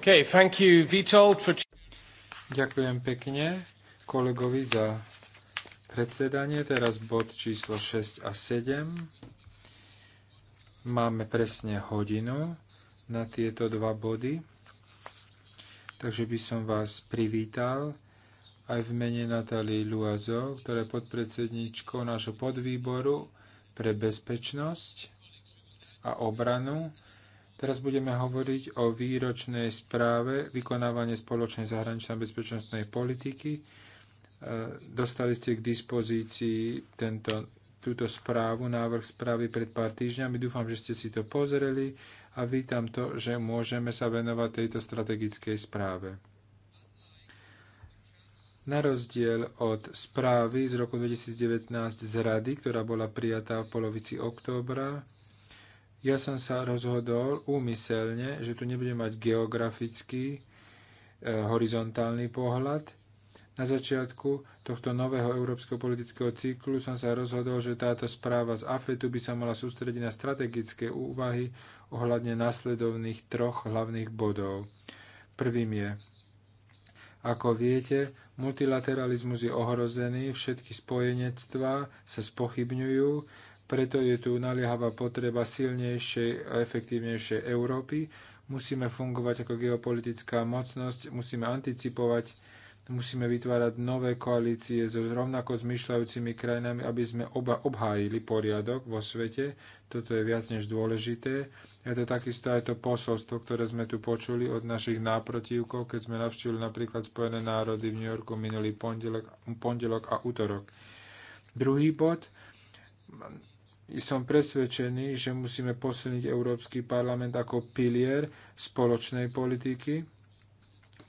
Okay, thank you, Vitold, for... Ďakujem pekne kolegovi za predsedanie. Teraz bod číslo 6 a 7. Máme presne hodinu na tieto dva body. Takže by som vás privítal aj v mene Natálie Luazo, ktorá je podpredsedničkou nášho podvýboru pre bezpečnosť a obranu. Teraz budeme hovoriť o výročnej správe vykonávanie spoločnej zahraničnej bezpečnostnej politiky. E, dostali ste k dispozícii tento, túto správu, návrh správy pred pár týždňami. Dúfam, že ste si to pozreli a vítam to, že môžeme sa venovať tejto strategickej správe. Na rozdiel od správy z roku 2019 z Rady, ktorá bola prijatá v polovici októbra, ja som sa rozhodol úmyselne, že tu nebudem mať geografický, e, horizontálny pohľad. Na začiatku tohto nového európskeho politického cyklu som sa rozhodol, že táto správa z AFETu by sa mala sústrediť na strategické úvahy ohľadne nasledovných troch hlavných bodov. Prvým je ako viete, multilateralizmus je ohrozený, všetky spojenectvá sa spochybňujú preto je tu naliehavá potreba silnejšej a efektívnejšej Európy. Musíme fungovať ako geopolitická mocnosť, musíme anticipovať, musíme vytvárať nové koalície so rovnako zmyšľajúcimi krajinami, aby sme oba obhájili poriadok vo svete. Toto je viac než dôležité. Je to takisto aj to posolstvo, ktoré sme tu počuli od našich náprotivkov, keď sme navštívili napríklad Spojené národy v New Yorku minulý pondelok, pondelok a útorok. Druhý bod, som presvedčený, že musíme posilniť Európsky parlament ako pilier spoločnej politiky.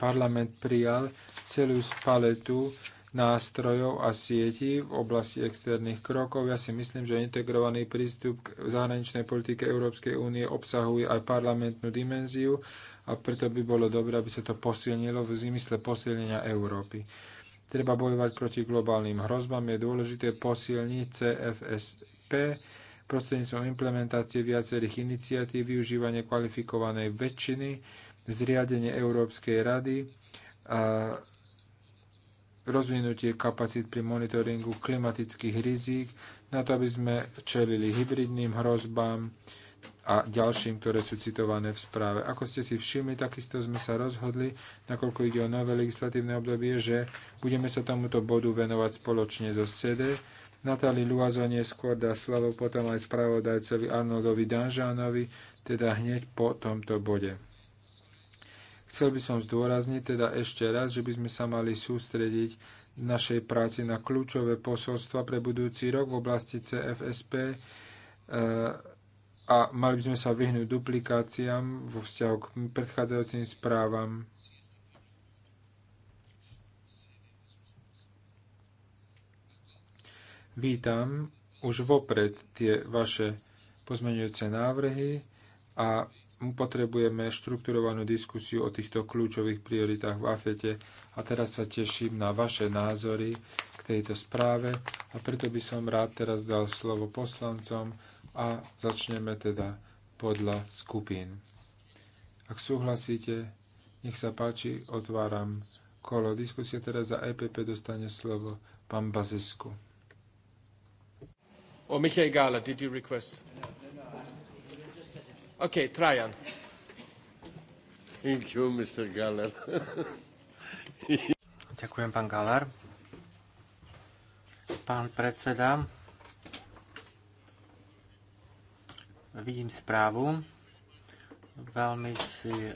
Parlament prijal celú paletu nástrojov a sietí v oblasti externých krokov. Ja si myslím, že integrovaný prístup k zahraničnej politike Európskej únie obsahuje aj parlamentnú dimenziu a preto by bolo dobré, aby sa to posilnilo v zmysle posilnenia Európy. Treba bojovať proti globálnym hrozbám. Je dôležité posilniť CFSP prostredníctvom implementácie viacerých iniciatív, využívanie kvalifikovanej väčšiny, zriadenie Európskej rady, a rozvinutie kapacít pri monitoringu klimatických rizík, na to, aby sme čelili hybridným hrozbám a ďalším, ktoré sú citované v správe. Ako ste si všimli, takisto sme sa rozhodli, nakoľko ide o nové legislatívne obdobie, že budeme sa tomuto bodu venovať spoločne so SEDE Natali Luazo neskôr dá slovo potom aj spravodajcovi Arnoldovi Danžánovi, teda hneď po tomto bode. Chcel by som zdôrazniť teda ešte raz, že by sme sa mali sústrediť v našej práci na kľúčové posolstva pre budúci rok v oblasti CFSP eh, a mali by sme sa vyhnúť duplikáciám vo vzťahu k predchádzajúcim správam Vítam už vopred tie vaše pozmeňujúce návrhy a potrebujeme štrukturovanú diskusiu o týchto kľúčových prioritách v AFETE a teraz sa teším na vaše názory k tejto správe a preto by som rád teraz dal slovo poslancom a začneme teda podľa skupín. Ak súhlasíte, nech sa páči, otváram kolo. diskusie. teraz za EPP dostane slovo pán Bazesku. Or oh, Michael Gala, did you request? Okay, Trajan. Thank you, Mr. Galler. Ďakujem, pán Galler. Pán predseda, vidím správu. Veľmi si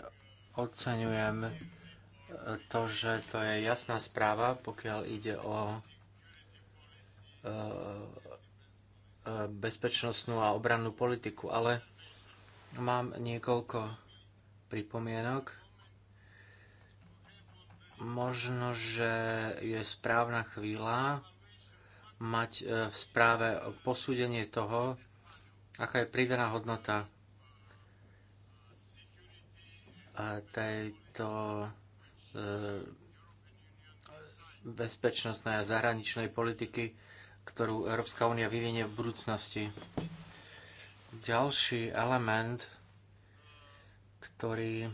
oceňujem to, že to je jasná správa, pokiaľ ide o e, bezpečnostnú a obrannú politiku, ale mám niekoľko pripomienok. Možno, že je správna chvíľa mať e, v správe posúdenie toho, aká je pridaná hodnota e, tejto e, bezpečnostnej a zahraničnej politiky ktorú Európska únia vyvinie v budúcnosti. Ďalší element, ktorý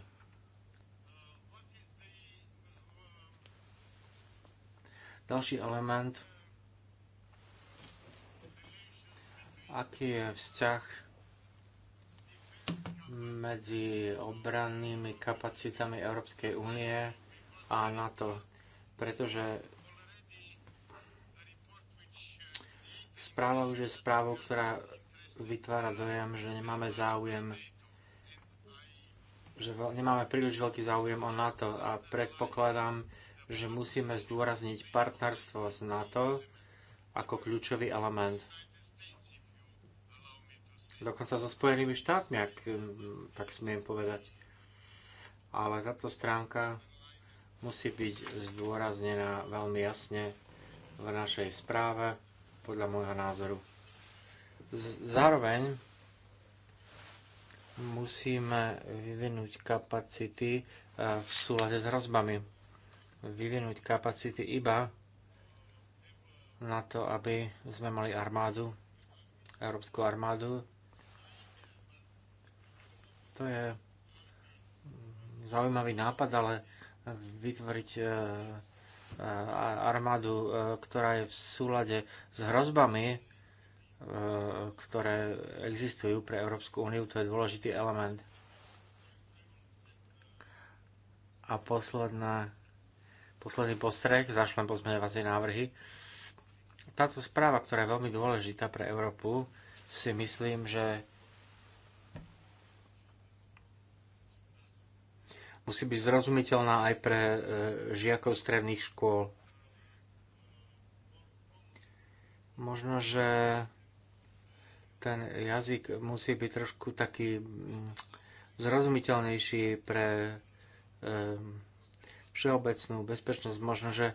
Ďalší element, aký je vzťah medzi obrannými kapacitami Európskej únie a NATO. Pretože Správa už je správou, ktorá vytvára dojem, že nemáme záujem že nemáme príliš veľký záujem o NATO a predpokladám, že musíme zdôrazniť partnerstvo s NATO ako kľúčový element. Dokonca so Spojenými štátmi, ak tak smiem povedať. Ale táto stránka musí byť zdôraznená veľmi jasne v našej správe podľa môjho názoru. Z zároveň musíme vyvinúť kapacity e, v súlade s hrozbami. Vyvinúť kapacity iba na to, aby sme mali armádu, európsku armádu. To je zaujímavý nápad, ale vytvoriť e, armádu, e, ktorá je v súlade s hrozbami, e, ktoré existujú pre Európsku úniu. To je dôležitý element. A posledná, posledný postrek, zašlem pozmeňovacie návrhy. Táto správa, ktorá je veľmi dôležitá pre Európu, si myslím, že musí byť zrozumiteľná aj pre e, žiakov stredných škôl. Možno, že ten jazyk musí byť trošku taký mm, zrozumiteľnejší pre e, všeobecnú bezpečnosť. Možno, že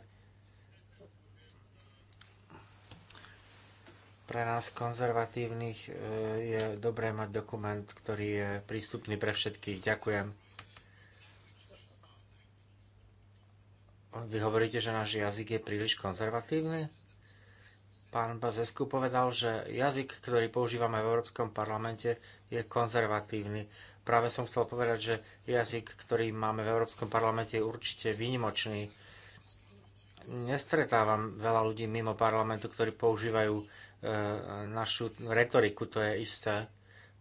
pre nás konzervatívnych e, je dobré mať dokument, ktorý je prístupný pre všetkých. Ďakujem. Vy hovoríte, že náš jazyk je príliš konzervatívny? Pán Bazesku povedal, že jazyk, ktorý používame v Európskom parlamente, je konzervatívny. Práve som chcel povedať, že jazyk, ktorý máme v Európskom parlamente, je určite výnimočný. Nestretávam veľa ľudí mimo parlamentu, ktorí používajú e, našu retoriku, to je isté.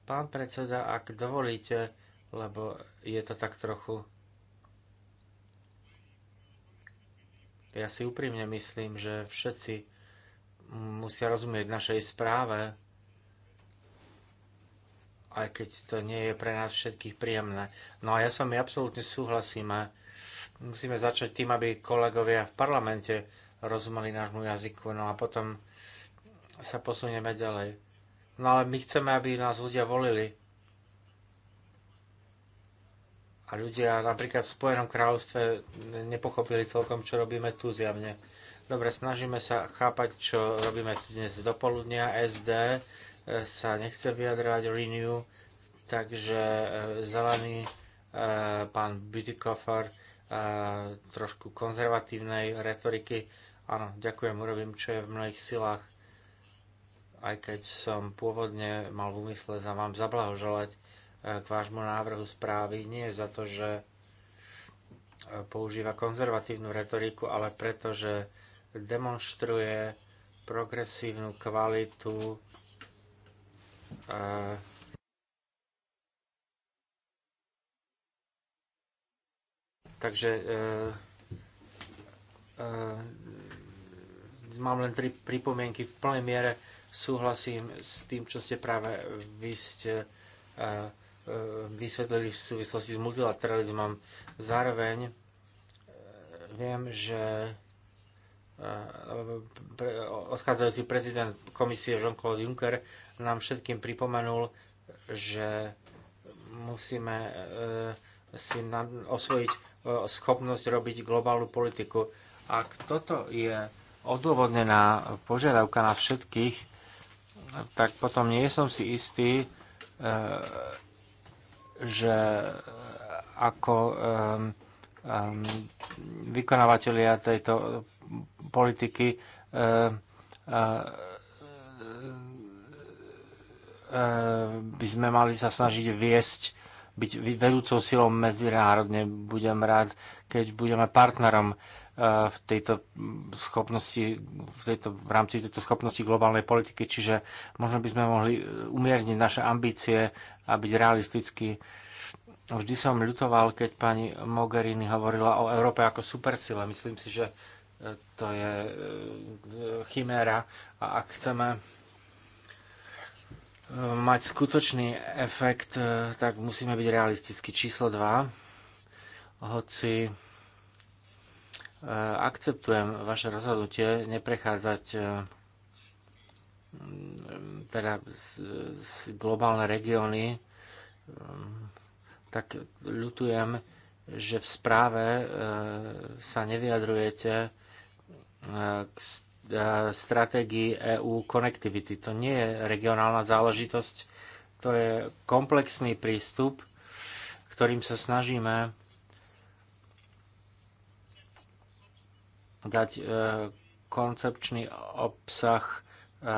Pán predseda, ak dovolíte, lebo je to tak trochu Ja si úprimne myslím, že všetci musia rozumieť našej správe, aj keď to nie je pre nás všetkých príjemné. No a ja s vami absolútne súhlasím. Musíme začať tým, aby kolegovia v parlamente rozumeli nášmu jazyku, no a potom sa posunieme ďalej. No ale my chceme, aby nás ľudia volili. A ľudia napríklad v Spojenom kráľovstve nepochopili celkom, čo robíme tu zjavne. Dobre, snažíme sa chápať, čo robíme dnes do poludnia. SD eh, sa nechce vyjadrať, Renew, takže eh, zelený eh, pán Beautycoffer trošku konzervatívnej retoriky. Áno, ďakujem, urobím, čo je v mnohých silách. Aj keď som pôvodne mal v úmysle za vám zablahoželať, k vášmu návrhu správy nie za to, že e, používa konzervatívnu retoriku, ale preto, že demonstruje progresívnu kvalitu e, Takže e, e, mám len tri pripomienky. V plnej miere súhlasím s tým, čo ste práve vy ste e, E, vysvetlili v súvislosti s multilateralizmom. Zároveň e, viem, že e, odchádzajúci prezident komisie Jean-Claude Juncker nám všetkým pripomenul, že musíme si osvojiť schopnosť robiť globálnu politiku. Ak toto je odôvodnená požiadavka na všetkých, tak potom nie som si istý, že eh, ako um, um, vykonávateľia tejto politiky uh, uh, by sme mali sa snažiť viesť, byť vedúcou silou medzinárodne. Budem rád, keď budeme partnerom v tejto schopnosti, v, tejto, v rámci tejto schopnosti globálnej politiky, čiže možno by sme mohli umierniť naše ambície a byť realistický. Vždy som ľutoval, keď pani Mogherini hovorila o Európe ako supersile. Myslím si, že e, to je e, chiméra a ak chceme e, mať skutočný efekt, tak musíme byť realistický Číslo 2. Hoci akceptujem vaše rozhodnutie neprechádzať Mm, teda globálne regióny, mm, tak ľutujem, že v správe e, sa nevyjadrujete e, k e, stratégii EU Connectivity. To nie je regionálna záležitosť, to je komplexný prístup, ktorým sa snažíme dať koncepčný obsah E,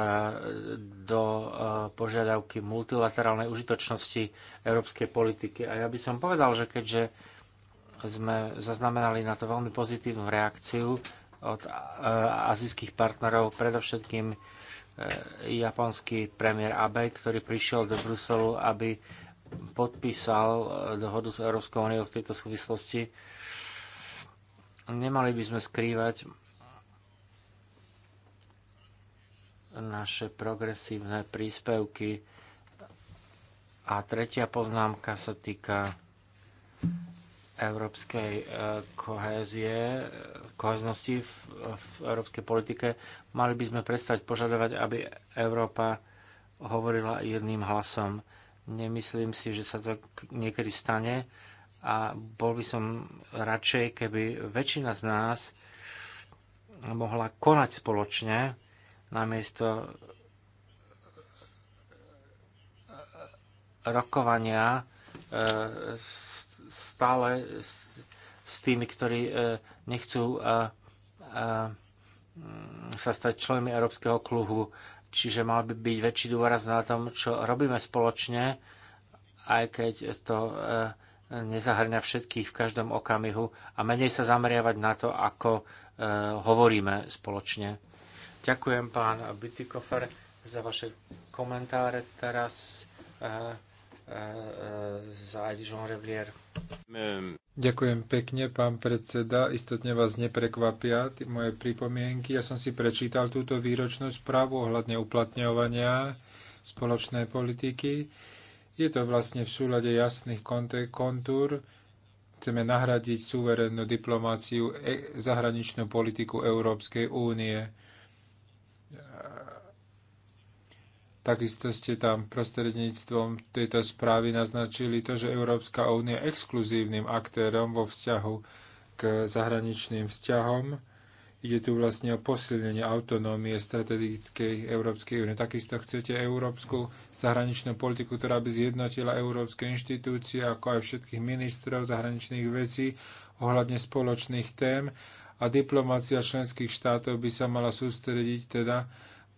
do e, požiadavky multilaterálnej užitočnosti európskej politiky. A ja by som povedal, že keďže sme zaznamenali na to veľmi pozitívnu reakciu od e, azijských partnerov, predovšetkým japonský premiér Abe, ktorý prišiel do Bruselu, aby podpísal dohodu s Európskou úniou v tejto súvislosti. Nemali by sme skrývať, naše progresívne príspevky. A tretia poznámka sa týka európskej e, kohézie, koheznosti v, v európskej politike. Mali by sme prestať požadovať, aby Európa hovorila jedným hlasom. Nemyslím si, že sa to niekedy stane a bol by som radšej, keby väčšina z nás mohla konať spoločne namiesto rokovania e, stále s tými, ktorí e, nechcú e, mm, sa stať členmi Európskeho kluhu, Čiže mal by byť väčší dôraz na tom, čo robíme spoločne, aj keď to nezahrňa všetkých v každom okamihu a menej sa zameriavať na to, ako hovoríme spoločne. Ďakujem, pán Bytikofer, za vaše komentáre. Teraz uh, za Jean Revier. Ďakujem pekne, pán predseda. Istotne vás neprekvapia moje pripomienky. Ja som si prečítal túto výročnú správu ohľadne uplatňovania spoločnej politiky. Je to vlastne v súlade jasných kontúr. Chceme nahradiť suverénnu diplomáciu e- zahraničnú politiku Európskej únie Takisto ste tam prostredníctvom tejto správy naznačili to, že Európska únia je exkluzívnym aktérom vo vzťahu k zahraničným vzťahom. Ide tu vlastne o posilnenie autonómie strategickej Európskej únie. Takisto chcete európsku zahraničnú politiku, ktorá by zjednotila európske inštitúcie, ako aj všetkých ministrov zahraničných vecí ohľadne spoločných tém a diplomácia členských štátov by sa mala sústrediť teda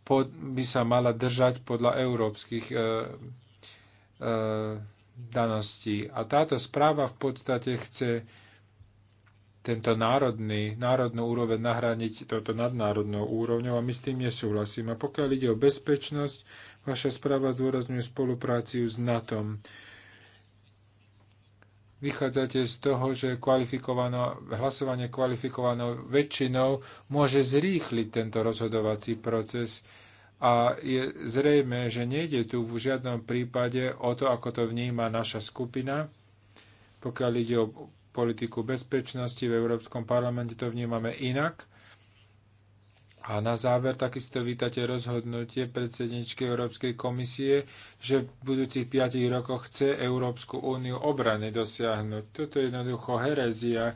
pod, by sa mala držať podľa európskych e, e, daností. A táto správa v podstate chce tento národný, národnú úroveň nahraniť toto nadnárodnou úrovňou a my s tým nesúhlasíme. A pokiaľ ide o bezpečnosť, vaša správa zdôrazňuje spolupráciu s NATO vychádzate z toho, že kvalifikované, hlasovanie kvalifikovanou väčšinou môže zrýchliť tento rozhodovací proces. A je zrejme, že nejde tu v žiadnom prípade o to, ako to vníma naša skupina. Pokiaľ ide o politiku bezpečnosti v Európskom parlamente, to vnímame inak. A na záver takisto vítate rozhodnutie predsedničky Európskej komisie, že v budúcich 5 rokoch chce Európsku úniu obrany dosiahnuť. Toto je jednoducho herezia.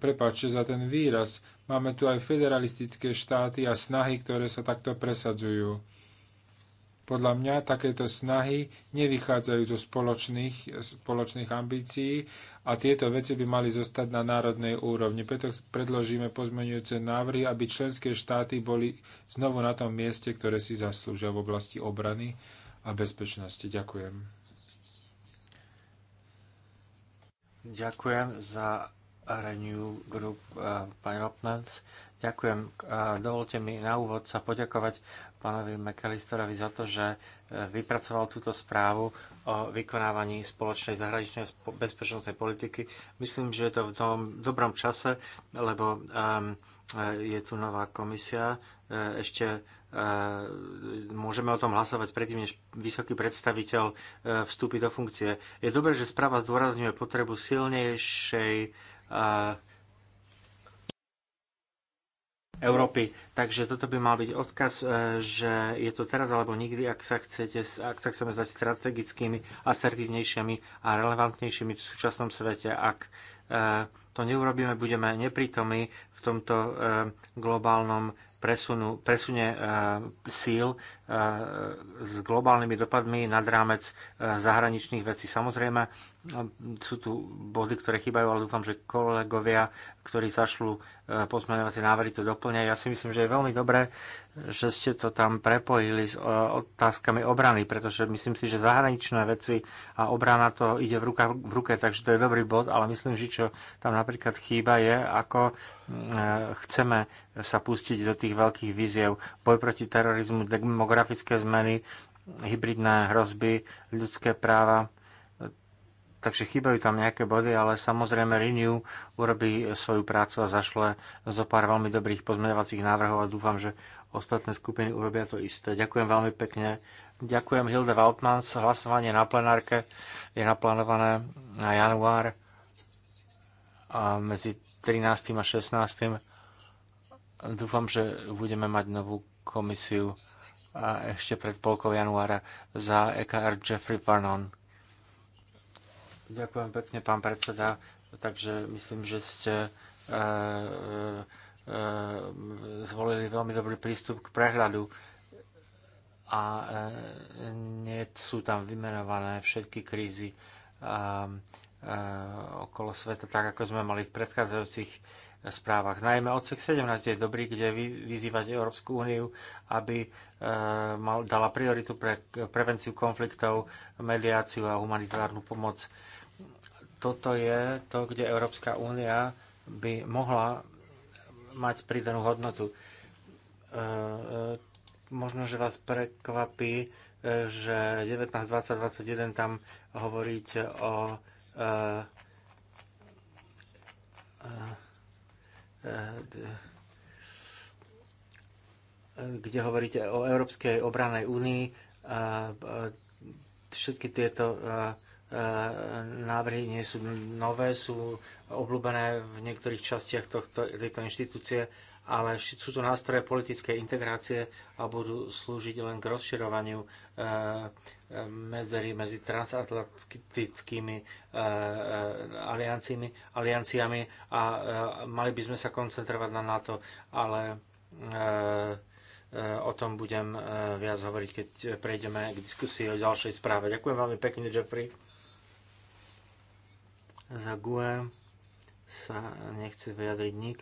Prepáčte za ten výraz. Máme tu aj federalistické štáty a snahy, ktoré sa takto presadzujú. Podľa mňa takéto snahy nevychádzajú zo spoločných, spoločných ambícií a tieto veci by mali zostať na národnej úrovni. Preto predložíme pozmenujúce návrhy, aby členské štáty boli znovu na tom mieste, ktoré si zaslúžia v oblasti obrany a bezpečnosti. Ďakujem. Ďakujem za Renew Group, uh, pani Opnanc. Ďakujem. Eh, dovolte mi na úvod sa poďakovať pánovi McAllisterovi za to, že e, vypracoval túto správu o vykonávaní spoločnej zahraničnej bezpečnostnej politiky. Myslím, že je to v tom dobrom čase, lebo e, je tu nová komisia. E, ešte môžeme o tom hlasovať predtým, než vysoký predstaviteľ vstúpi do funkcie. Je dobré, že správa zdôrazňuje potrebu silnejšej Európy. Takže toto by mal byť odkaz, e, že je to teraz alebo nikdy, ak sa, chcete, ak sa chceme stať strategickými, asertívnejšími a relevantnejšími v súčasnom svete. Ak e, to neurobíme, budeme neprítomní v tomto e, globálnom presunu, presune síl s globálnymi dopadmi nad rámec zahraničných vecí. Samozrejme, sú tu body, ktoré chýbajú, ale dúfam, že kolegovia, ktorí zašlu e, pozmeňovacie návrhy, to doplňajú. Ja si myslím, že je veľmi dobré, že ste to tam prepojili s e, otázkami obrany, pretože myslím si, že zahraničné veci a obrana to ide v, ruka, v ruke, takže to je dobrý bod, ale myslím, že čo tam napríklad chýba je, ako e, chceme sa pustiť do tých veľkých víziev. Boj proti terorizmu, demografické zmeny, hybridné hrozby, ľudské práva, takže chýbajú tam nejaké body, ale samozrejme Renew urobí svoju prácu a zašle zo pár veľmi dobrých pozmeňovacích návrhov a dúfam, že ostatné skupiny urobia to isté. Ďakujem veľmi pekne. Ďakujem Hilde Waltmans. Hlasovanie na plenárke je naplánované na január a medzi 13. a 16. Dúfam, že budeme mať novú komisiu a ešte pred polkou januára za EKR Jeffrey Farnon. Ďakujem pekne, pán predseda. Takže myslím, že ste e, e, e, zvolili veľmi dobrý prístup k prehľadu a nie sú tam vymenované všetky krízy okolo sveta, tak ako sme mali v predchádzajúcich správach. Najmä odsek 17 je dobrý, kde vy, vyzývať Európsku úniu, aby e, mal, dala prioritu pre prevenciu konfliktov, mediáciu a humanitárnu pomoc. E, toto je to, kde Európska únia by mohla mať pridanú hodnotu. E, e, možno, že vás prekvapí, e, že 19, 20, 21 tam hovoríte o kde hovoríte o Európskej obranej únii. Všetky tieto E, návrhy nie sú nové, sú obľúbené v niektorých častiach tohto, tejto inštitúcie, ale sú to nástroje politickej integrácie a budú slúžiť len k rozširovaniu e, medzery medzi transatlantickými e, alianciami, alianciami a mali by sme sa koncentrovať na NATO, ale o tom budem viac hovoriť, keď prejdeme k diskusii o ďalšej správe. Ďakujem veľmi pekne, Jeffrey. Za GUE sa nechce vyjadriť nik.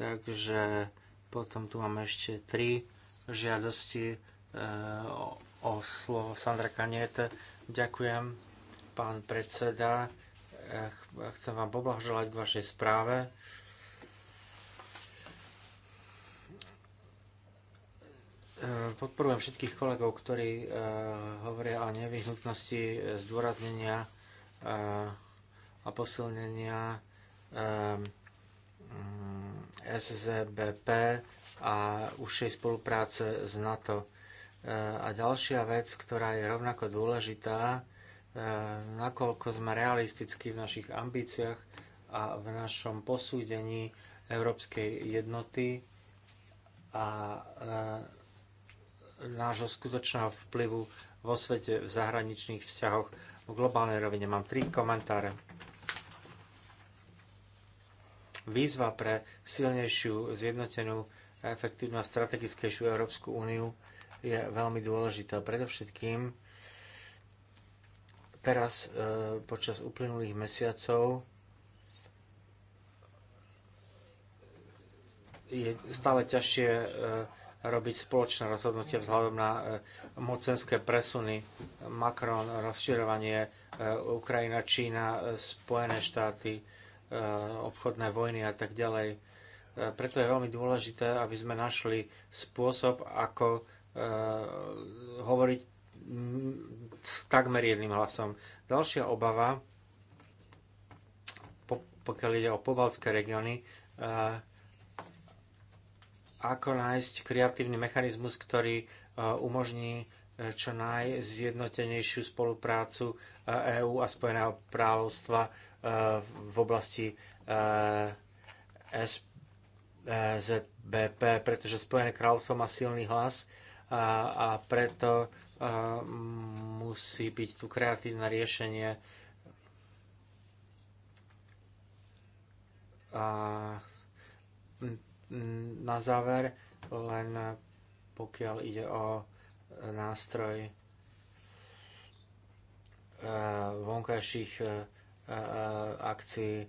Takže potom tu máme ešte tri žiadosti e, o, o slovo Sandra Kaniete. Ďakujem, pán predseda. E, chcem vám poblahoželať k vašej správe. E, podporujem všetkých kolegov, ktorí hovoria o nevyhnutnosti zdôraznenia a posilnenia ehm, mm, SZBP a užšej spolupráce s NATO. E, a ďalšia vec, ktorá je rovnako dôležitá, e, nakoľko sme realistickí v našich ambíciách a v našom posúdení európskej jednoty a e, nášho skutočného vplyvu vo svete v zahraničných vzťahoch v globálnej rovine. Mám tri komentáre výzva pre silnejšiu, zjednotenú a efektívnu a strategickejšiu Európsku úniu je veľmi dôležitá. Predovšetkým teraz e, počas uplynulých mesiacov je stále ťažšie e, robiť spoločné rozhodnutie vzhľadom na e, mocenské presuny. Macron, rozširovanie, Ukrajina, Čína, Spojené štáty, Eh, obchodné vojny a tak ďalej. Eh, preto je veľmi dôležité, aby sme našli spôsob, ako eh, hovoriť s takmer jedným hlasom. Ďalšia obava, pokiaľ ide o pobaltské regióny, ako nájsť kreatívny mechanizmus, ktorý umožní čo najzjednotenejšiu spoluprácu EÚ e a Spojeného kráľovstva v oblasti eh, SZBP, eh, pretože Spojené kráľovstvo má silný hlas a, a preto a, eh, musí byť tu kreatívne riešenie. A, na záver, len pokiaľ ide o nástroj vonkajších akcií, e,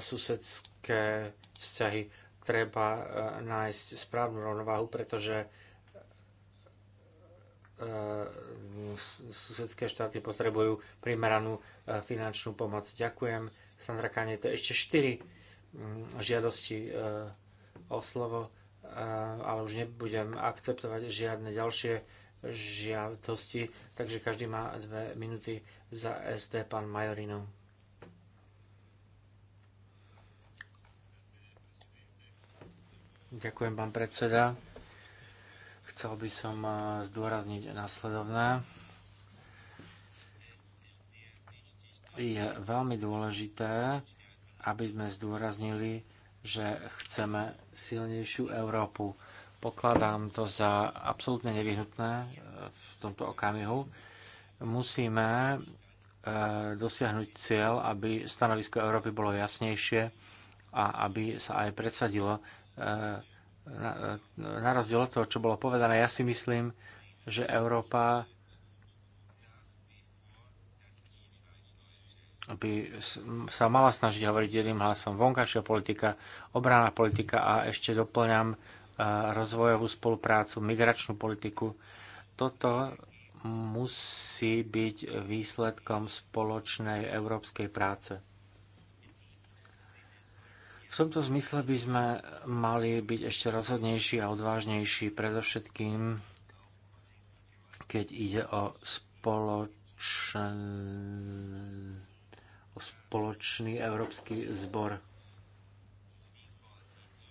susedské vzťahy. Treba e, nájsť správnu rovnováhu, pretože e, susedské štáty potrebujú primeranú finančnú pomoc. Ďakujem. Sandra je ešte 4 mm, žiadosti o slovo, ale už nebudem akceptovať žiadne ďalšie žiadosti, takže každý má dve minúty za SD, pán Majorino. Ďakujem, pán predseda. Chcel by som eh, zdôrazniť následovné. Je veľmi dôležité, aby sme zdôraznili, že chceme silnejšiu Európu. Pokladám to za absolútne nevyhnutné eh, v tomto okamihu. Musíme eh, dosiahnuť cieľ, aby stanovisko Európy bolo jasnejšie a aby sa aj predsadilo na, rozdiel od toho, čo bolo povedané, ja si myslím, že Európa by sa mala snažiť hovoriť jedným hlasom. Vonkajšia politika, obranná politika a ešte doplňam rozvojovú spoluprácu, migračnú politiku. Toto musí byť výsledkom spoločnej európskej práce. V tomto zmysle by sme mali byť ešte rozhodnejší a odvážnejší, predovšetkým keď ide o spoločný, o spoločný európsky zbor.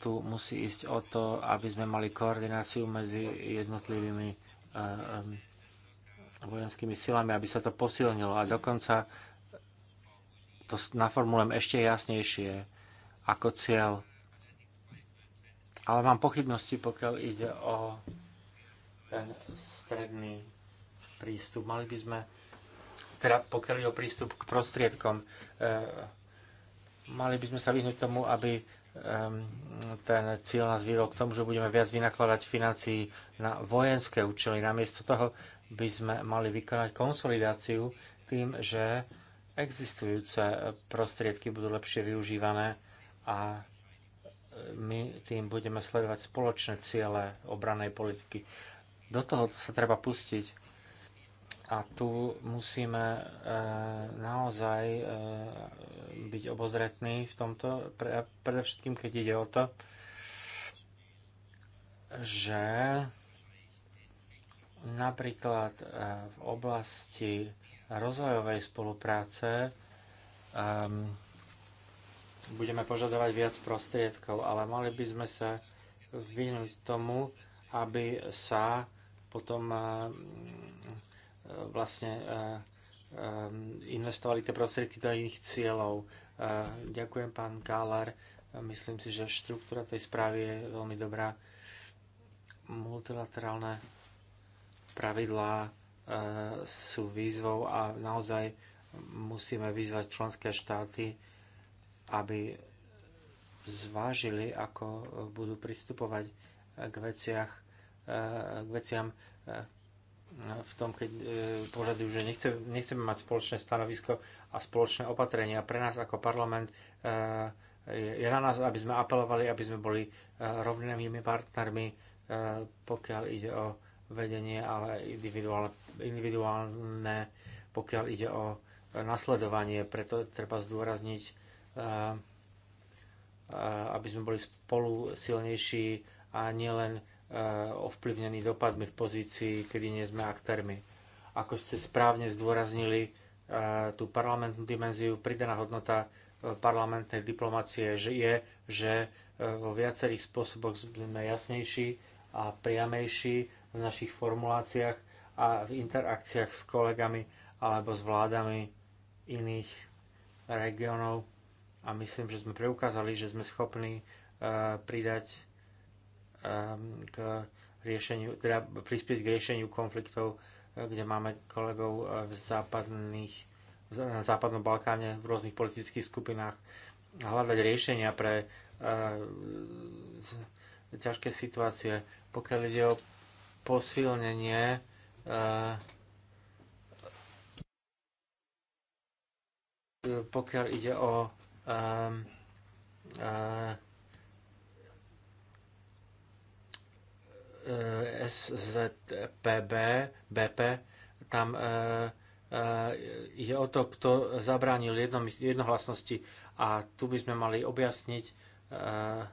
Tu musí ísť o to, aby sme mali koordináciu medzi jednotlivými eh, eh, vojenskými silami, aby sa to posilnilo. A dokonca to naformulujem ešte jasnejšie ako cieľ. Ale mám pochybnosti, pokiaľ ide o ten stredný prístup. Mali by sme, teda pokiaľ ide o prístup k prostriedkom, eh, mali by sme sa vyhnúť tomu, aby ten cieľ nás viedol k tomu, že budeme viac vynakladať financií na vojenské účely. Namiesto toho by sme mali vykonať konsolidáciu tým, že existujúce prostriedky budú lepšie využívané a e, my tým budeme sledovať spoločné ciele obranej politiky. Do toho sa treba pustiť a tu musíme e, naozaj e, byť obozretní v tomto, predovšetkým keď ide o to, že napríklad v oblasti rozvojovej spolupráce ehm, budeme požadovať viac prostriedkov, ale mali by sme sa vyhnúť tomu, aby sa potom eh, mm, vlastne eh, eh, investovali tie prostriedky do iných cieľov. Ďakujem, pán Káler. Myslím si, že štruktúra tej správy je veľmi dobrá. Multilaterálne pravidlá sú výzvou a naozaj musíme vyzvať členské štáty, aby zvážili, ako budú pristupovať k, veciach, e, k veciam e, v tom, keď e, požadujú, že nechce, nechceme mať spoločné stanovisko a spoločné opatrenia. Pre nás ako parlament je na nás, aby sme apelovali, aby sme boli rovnými partnermi, pokiaľ ide o vedenie, ale individuálne, individuálne pokiaľ ide o nasledovanie. Preto treba zdôrazniť aby sme boli spolu silnejší a nielen ovplyvnení dopadmi v pozícii, kedy nie sme aktérmi. Ako ste správne zdôraznili, tú parlamentnú dimenziu, pridaná hodnota e, parlamentnej diplomácie že je, že e, vo viacerých spôsoboch sme jasnejší a priamejší v našich formuláciách a v interakciách s kolegami alebo s vládami iných regiónov a myslím, že sme preukázali, že sme schopní e, pridať e, k riešeniu, teda prispieť k riešeniu konfliktov, e, kde máme kolegov v západných, na západnom Balkáne v rôznych politických skupinách hľadať riešenia pre ťažké situácie. Pokiaľ ide o posilnenie pokiaľ ide o um, uh, SZPB, BP, tam je uh, uh, o to, kto zabránil jednohlasnosti a tu by sme mali objasniť uh,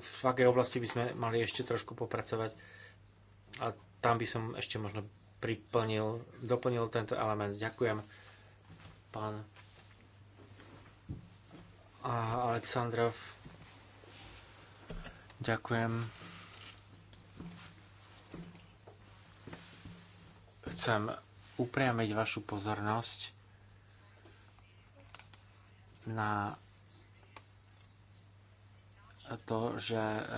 v akej oblasti by sme mali ešte trošku popracovať a tam by som ešte možno priplnil, doplnil tento element. Ďakujem pán Aleksandrov. Ďakujem. Chcem upriamiť vašu pozornosť na to, že e, e,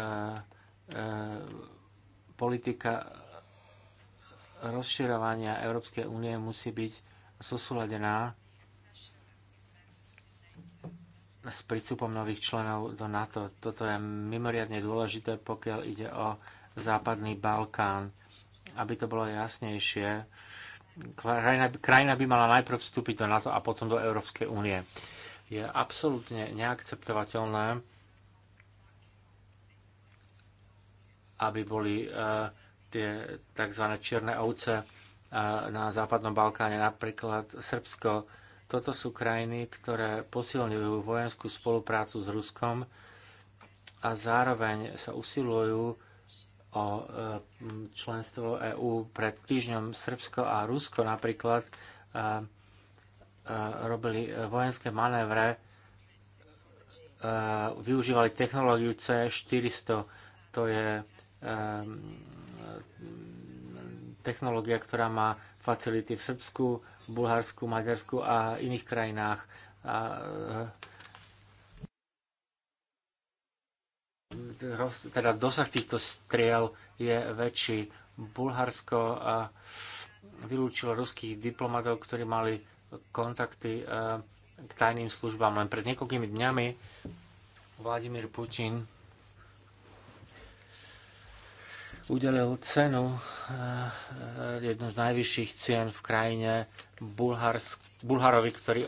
politika rozširovania Európskej únie musí byť zosúladená s prícupom nových členov do NATO. Toto je mimoriadne dôležité, pokiaľ ide o západný Balkán. Aby to bolo jasnejšie, krajina, krajina by mala najprv vstúpiť do NATO a potom do Európskej únie. Je absolútne neakceptovateľné, aby boli uh, tie tzv. čierne ovce uh, na západnom Balkáne, napríklad Srbsko, toto sú krajiny, ktoré posilňujú vojenskú spoluprácu s Ruskom a zároveň sa usilujú o e, členstvo EÚ. Pred týždňom Srbsko a Rusko napríklad e, e, robili vojenské manévre, využívali technológiu C400, to je technológia, ktorá má facility v Srbsku v Bulharsku, Maďarsku a iných krajinách. A, e, teda dosah týchto striel je väčší. Bulharsko a, vylúčilo ruských diplomatov, ktorí mali kontakty e, k tajným službám. Len pred niekoľkými dňami Vladimír Putin udelil cenu, eh, jednu z najvyšších cien v krajine, Bulharsk, Bulharovi, ktorý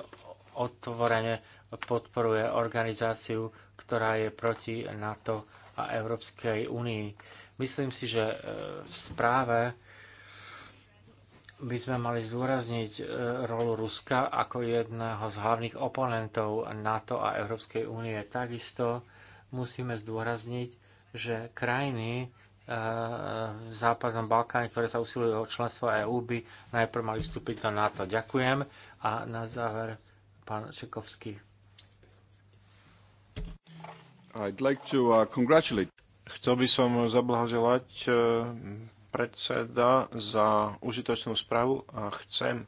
otvorene podporuje organizáciu, ktorá je proti NATO a Európskej únii. Myslím si, že eh, v správe by sme mali zdôrazniť eh, rolu Ruska ako jedného z hlavných oponentov NATO a Európskej únie. Takisto musíme zdôrazniť, že krajiny, v Západnom Balkáne, ktoré sa usilujú o členstvo EÚ, by najprv mali vstúpiť do NATO. Ďakujem. A na záver pán Šekovský. I'd like to, uh, congratulate. Chcel by som zablahoželať uh, predseda za užitočnú správu a chcem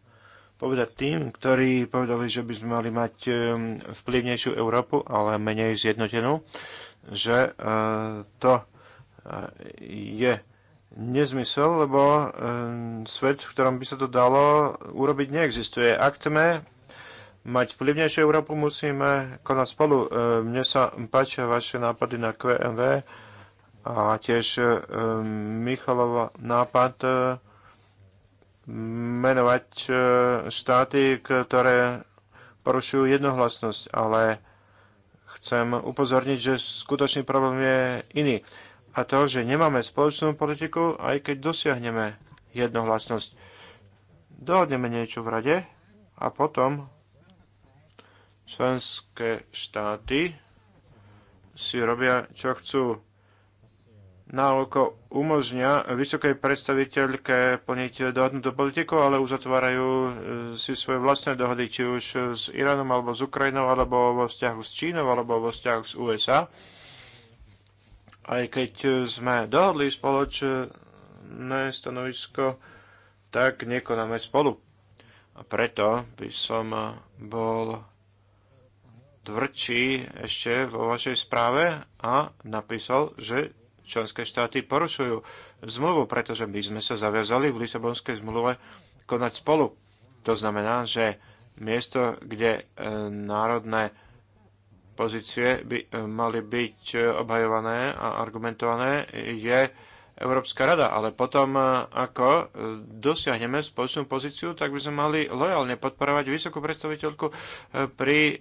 povedať tým, ktorí povedali, že by sme mali mať um, vplyvnejšiu Európu, ale menej zjednotenú, že uh, to je nezmysel, lebo e, svet, v ktorom by sa to dalo urobiť, neexistuje. Ak chceme mať vplyvnejšiu Európu, musíme konať spolu. E, mne sa páčia vaše nápady na QMV a tiež e, Michalov nápad menovať štáty, ktoré porušujú jednohlasnosť, ale chcem upozorniť, že skutočný problém je iný a to, že nemáme spoločnú politiku, aj keď dosiahneme jednohlasnosť. Dohodneme niečo v rade a potom členské štáty si robia, čo chcú. Náloko umožňa vysokej predstaviteľke plniť dohodnutú politiku, ale uzatvárajú e, si svoje vlastné dohody, či už s Iránom, alebo s Ukrajinou, alebo vo vzťahu s Čínou, alebo vo vzťahu s USA aj keď e, sme dohodli spoločné stanovisko, tak nekonáme spolu. A preto by som e, bol tvrdší ešte vo vašej správe a napísal, že členské štáty porušujú zmluvu, pretože my sme sa zaviazali v Lisabonskej zmluve konať spolu. To znamená, že miesto, kde e, národné pozície by e, mali byť e, obhajované a argumentované, je Európska rada. Ale potom, e, ako dosiahneme spoločnú pozíciu, tak by sme mali lojálne podporovať vysokú predstaviteľku pri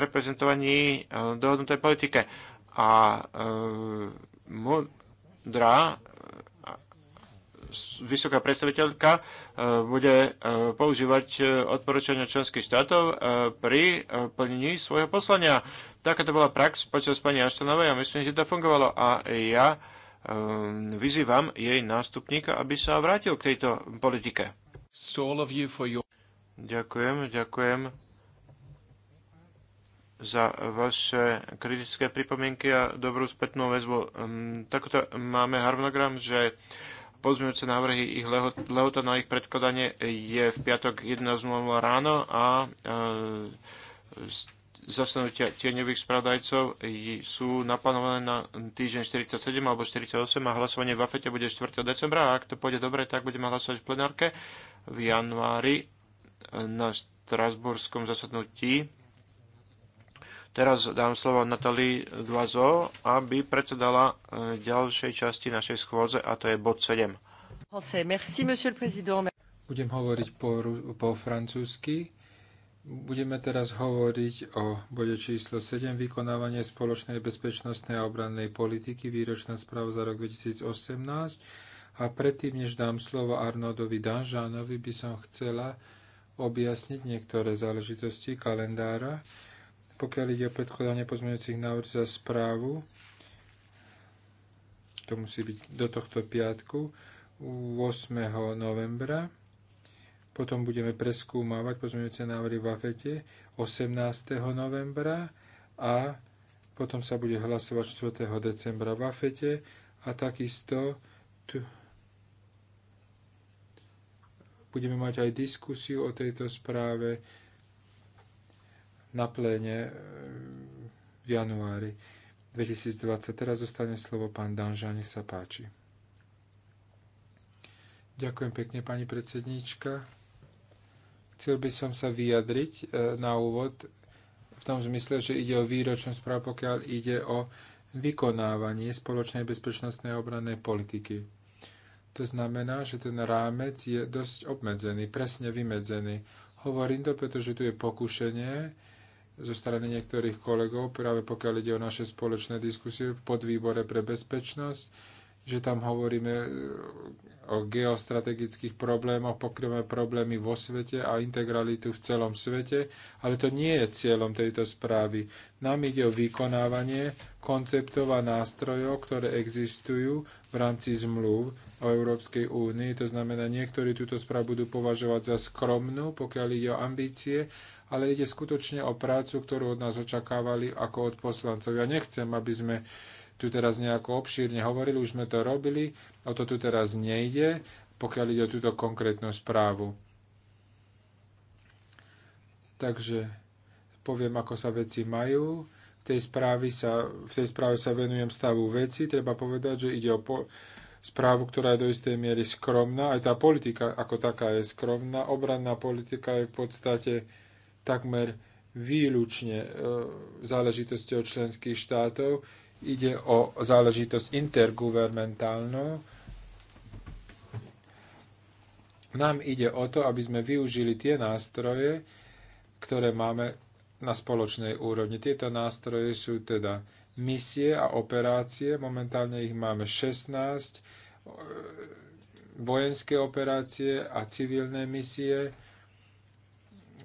reprezentovaní dohodnutej politike. A mudrá vysoká predstaviteľka e, bude e, používať e, odporúčania členských štátov pri plnení svojho poslania. Taká to bola prax počas pani Aštanovej a myslím, že to fungovalo. A ja vyzývam jej nástupníka, aby sa vrátil k tejto politike. Ďakujem, ďakujem za vaše kritické pripomienky a dobrú spätnú väzbu. Takto máme harmonogram, že pozmeňujúce návrhy, ich lehota na ich predkladanie je v piatok 1.00 ráno a e, zasadnutia tieňových spravodajcov sú naplánované na týždeň 47 alebo 48 a hlasovanie v AFETE bude 4. decembra a ak to pôjde dobre, tak budeme hlasovať v plenárke v januári na Strasburskom zasadnutí Teraz dám slovo Natalii Dvazo, aby predsedala e, ďalšej časti našej schôdze, a to je bod 7. Budem hovoriť po, po francúzsky. Budeme teraz hovoriť o bode číslo 7, vykonávanie spoločnej bezpečnostnej a obrannej politiky, výročná správa za rok 2018. A predtým, než dám slovo Arnoldovi Danžánovi, by som chcela objasniť niektoré záležitosti kalendára. Pokiaľ ide o predkladanie pozmeňujúcich návrh za správu, to musí byť do tohto piatku, 8. novembra. Potom budeme preskúmavať pozmeňujúce návrhy v AFETE 18. novembra a potom sa bude hlasovať 4. decembra v AFETE a takisto tu budeme mať aj diskusiu o tejto správe na pléne e, v januári 2020. Teraz zostane slovo pán Danža, nech sa páči. Ďakujem pekne, pani predsedníčka. Chcel by som sa vyjadriť e, na úvod v tom zmysle, že ide o výročnú správu, pokiaľ ide o vykonávanie spoločnej bezpečnostnej obrannej politiky. To znamená, že ten rámec je dosť obmedzený, presne vymedzený. Hovorím to, pretože tu je pokušenie zo strany niektorých kolegov, práve pokiaľ ide o naše spoločné diskusie v podvýbore pre bezpečnosť, že tam hovoríme e, o geostrategických problémoch, pokrývame problémy vo svete a integralitu v celom svete, ale to nie je cieľom tejto správy. Nám ide o vykonávanie konceptov a nástrojov, ktoré existujú v rámci zmluv o Európskej únii. To znamená, niektorí túto správu budú považovať za skromnú, pokiaľ ide o ambície, ale ide skutočne o prácu, ktorú od nás očakávali ako od poslancov. Ja nechcem, aby sme tu teraz nejako obšírne hovorili, už sme to robili, o to tu teraz nejde, pokiaľ ide o túto konkrétnu správu. Takže poviem, ako sa veci majú. V tej, správe sa, v tej správe sa venujem stavu veci. Treba povedať, že ide o po, správu, ktorá je do istej miery skromná. Aj tá politika ako taká je skromná. Obranná politika je v podstate takmer výlučne e, záležitosťou členských štátov. Ide o záležitosť intergovernmentálnu. Nám ide o to, aby sme využili tie nástroje, ktoré máme na spoločnej úrovni. Tieto nástroje sú teda misie a operácie. Momentálne ich máme 16. E, vojenské operácie a civilné misie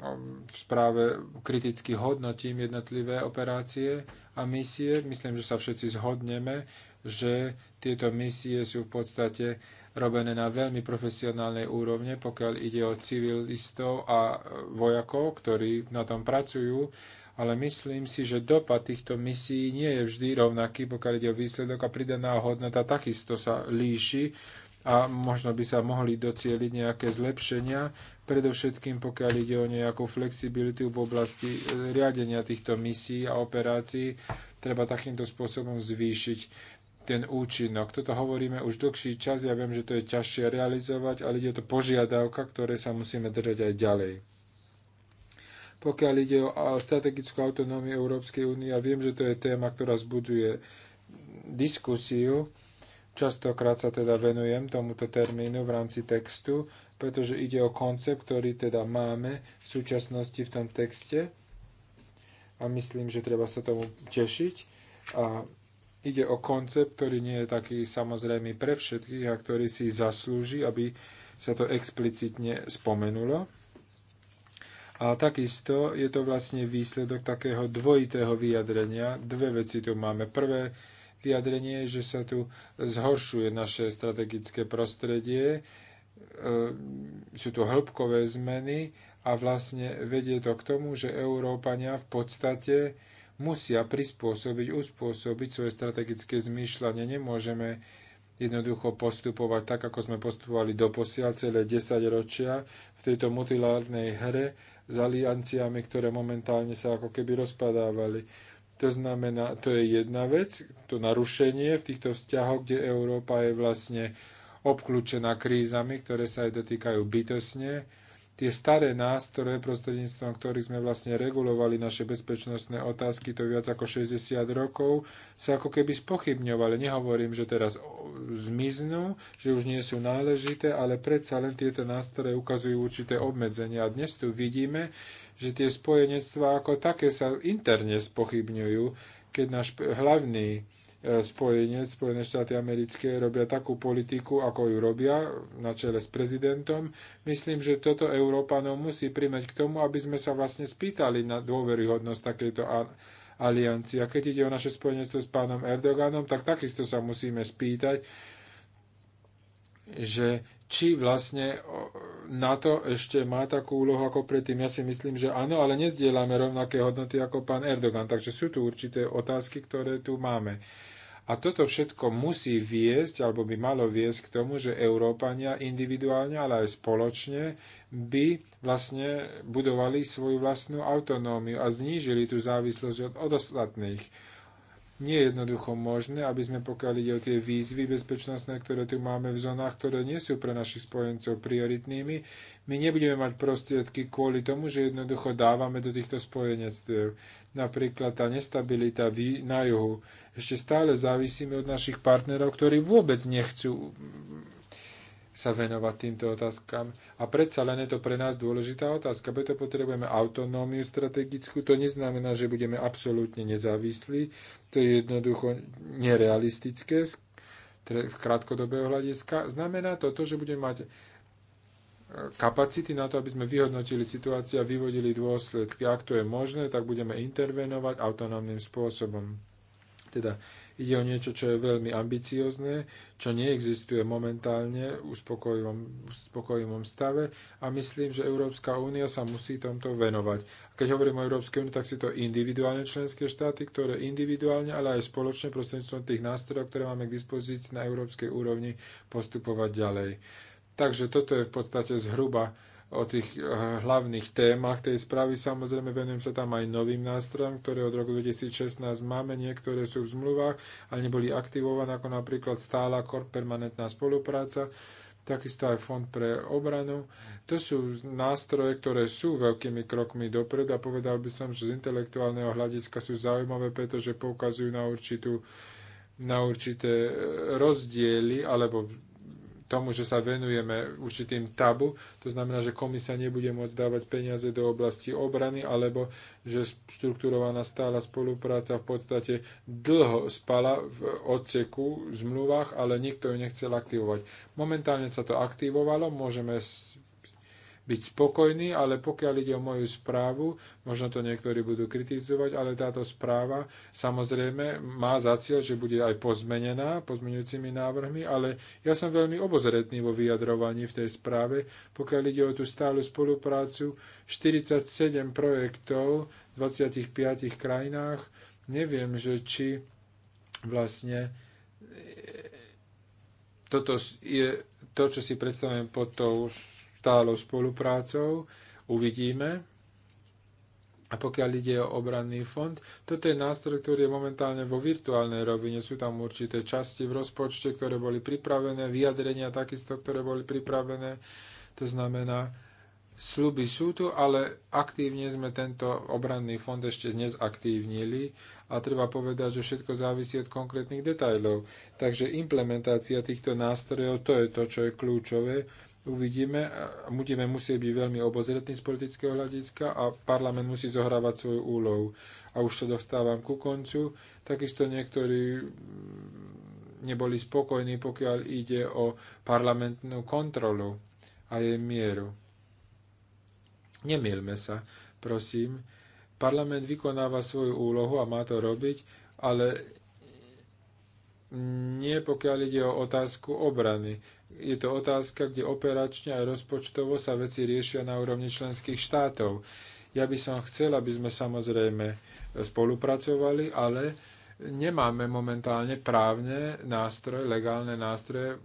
Ehm, v správe kriticky hodnotím jednotlivé operácie a misie. Myslím, že sa všetci zhodneme, že tieto misie sú v podstate robené na veľmi profesionálnej úrovne, pokiaľ ide o civilistov a e, vojakov, ktorí na tom pracujú, ale myslím si, že dopad týchto misií nie je vždy rovnaký, pokiaľ ide o výsledok a pridaná hodnota takisto sa líši a možno by sa mohli docieliť nejaké zlepšenia predovšetkým pokiaľ ide o nejakú flexibilitu v oblasti e, riadenia týchto misií a operácií, treba takýmto spôsobom zvýšiť ten účinok. Toto hovoríme už dlhší čas, ja viem, že to je ťažšie realizovať, ale ide to požiadavka, ktoré sa musíme držať aj ďalej. Pokiaľ ide o strategickú autonómiu Európskej únie, ja viem, že to je téma, ktorá zbudzuje diskusiu. Častokrát sa teda venujem tomuto termínu v rámci textu pretože ide o koncept, ktorý teda máme v súčasnosti v tom texte a myslím, že treba sa tomu tešiť. A ide o koncept, ktorý nie je taký samozrejme pre všetkých a ktorý si zaslúži, aby sa to explicitne spomenulo. A takisto je to vlastne výsledok takého dvojitého vyjadrenia. Dve veci tu máme. Prvé vyjadrenie je, že sa tu zhoršuje naše strategické prostredie, E, sú to hĺbkové zmeny a vlastne vedie to k tomu, že Európania v podstate musia prispôsobiť, uspôsobiť svoje strategické zmýšľanie. Nemôžeme jednoducho postupovať tak, ako sme postupovali posiaľ celé 10 ročia v tejto mutilárnej hre s alianciami, ktoré momentálne sa ako keby rozpadávali. To znamená, to je jedna vec, to narušenie v týchto vzťahoch, kde Európa je vlastne obklúčená krízami, ktoré sa aj dotýkajú bytosne. Tie staré nástroje, prostredníctvom ktorých sme vlastne regulovali naše bezpečnostné otázky, to viac ako 60 rokov, sa ako keby spochybňovali. Nehovorím, že teraz zmiznú, že už nie sú náležité, ale predsa len tieto nástroje ukazujú určité obmedzenia. A dnes tu vidíme, že tie spojenectvá ako také sa interne spochybňujú, keď náš hlavný E, spojenie, Spojené štáty americké robia takú politiku, ako ju robia na čele s prezidentom. Myslím, že toto Európanov musí primeť k tomu, aby sme sa vlastne spýtali na dôveryhodnosť takejto aliancie. A keď ide o naše spojenectvo s pánom Erdoganom, tak takisto sa musíme spýtať, že či vlastne e, NATO ešte má takú úlohu ako predtým. Ja si myslím, že áno, ale nezdielame rovnaké hodnoty ako pán Erdogan. Takže sú tu určité otázky, ktoré tu máme. A toto všetko musí viesť, alebo by malo viesť k tomu, že Európania individuálne, ale aj spoločne by vlastne budovali svoju vlastnú autonómiu a znížili tú závislosť od, od ostatných. Nie je jednoducho možné, aby sme pokiaľ ide o tie výzvy bezpečnostné, ktoré tu máme v zónach, ktoré nie sú pre našich spojencov prioritnými, my nebudeme mať prostriedky kvôli tomu, že jednoducho dávame do týchto spojenectiev. Napríklad tá nestabilita na juhu. Ešte stále závisíme od našich partnerov, ktorí vôbec nechcú sa venovať týmto otázkam. A predsa len je to pre nás dôležitá otázka, preto potrebujeme autonómiu strategickú. To neznamená, že budeme absolútne nezávislí. To je jednoducho nerealistické z krátkodobého hľadiska. Znamená to to, že budeme mať e, kapacity na to, aby sme vyhodnotili situáciu a vyvodili dôsledky. Ak to je možné, tak budeme intervenovať autonómnym spôsobom. Teda Ide o niečo, čo je veľmi ambiciozne, čo neexistuje momentálne v uspokojivom, uspokojivom stave a myslím, že Európska únia sa musí tomto venovať. A keď hovorím o Európskej únii, tak si to individuálne členské štáty, ktoré individuálne, ale aj spoločne prostredníctvom tých nástrojov, ktoré máme k dispozícii na európskej úrovni, postupovať ďalej. Takže toto je v podstate zhruba o tých eh, hlavných témach tej správy. Samozrejme, venujem sa tam aj novým nástrojom, ktoré od roku 2016 máme, niektoré sú v zmluvách, ale neboli aktivované, ako napríklad stála permanentná spolupráca, takisto aj Fond pre obranu. To sú nástroje, ktoré sú veľkými krokmi dopredu a povedal by som, že z intelektuálneho hľadiska sú zaujímavé, pretože poukazujú na, určitú, na určité eh, rozdiely alebo tomu, že sa venujeme určitým tabu. To znamená, že komisia nebude môcť dávať peniaze do oblasti obrany, alebo že štruktúrovaná stála spolupráca v podstate dlho spala v odseku v zmluvách, ale nikto ju nechcel aktivovať. Momentálne sa to aktivovalo, môžeme byť spokojný, ale pokiaľ ide o moju správu, možno to niektorí budú kritizovať, ale táto správa samozrejme má za cieľ, že bude aj pozmenená pozmenujúcimi návrhmi, ale ja som veľmi obozretný vo vyjadrovaní v tej správe, pokiaľ ide o tú stálu spoluprácu 47 projektov v 25 krajinách. Neviem, že či vlastne e, e, toto je to, čo si predstavujem pod tou stálou spoluprácou. Uvidíme. A pokiaľ ide o obranný fond, toto je nástroj, ktorý je momentálne vo virtuálnej rovine. Sú tam určité časti v rozpočte, ktoré boli pripravené, vyjadrenia takisto, ktoré boli pripravené. To znamená, Sluby sú tu, ale aktívne sme tento obranný fond ešte nezaktívnili a treba povedať, že všetko závisí od konkrétnych detajlov. Takže implementácia týchto nástrojov, to je to, čo je kľúčové uvidíme, budeme musieť byť veľmi obozretní z politického hľadiska a parlament musí zohrávať svoju úlohu. A už sa dostávam ku koncu. Takisto niektorí mm, neboli spokojní, pokiaľ ide o parlamentnú kontrolu a jej mieru. Nemielme sa, prosím. Parlament vykonáva svoju úlohu a má to robiť, ale nie pokiaľ ide o otázku obrany je to otázka, kde operačne aj rozpočtovo sa veci riešia na úrovni členských štátov. Ja by som chcel, aby sme samozrejme spolupracovali, ale nemáme momentálne právne nástroje, legálne nástroje,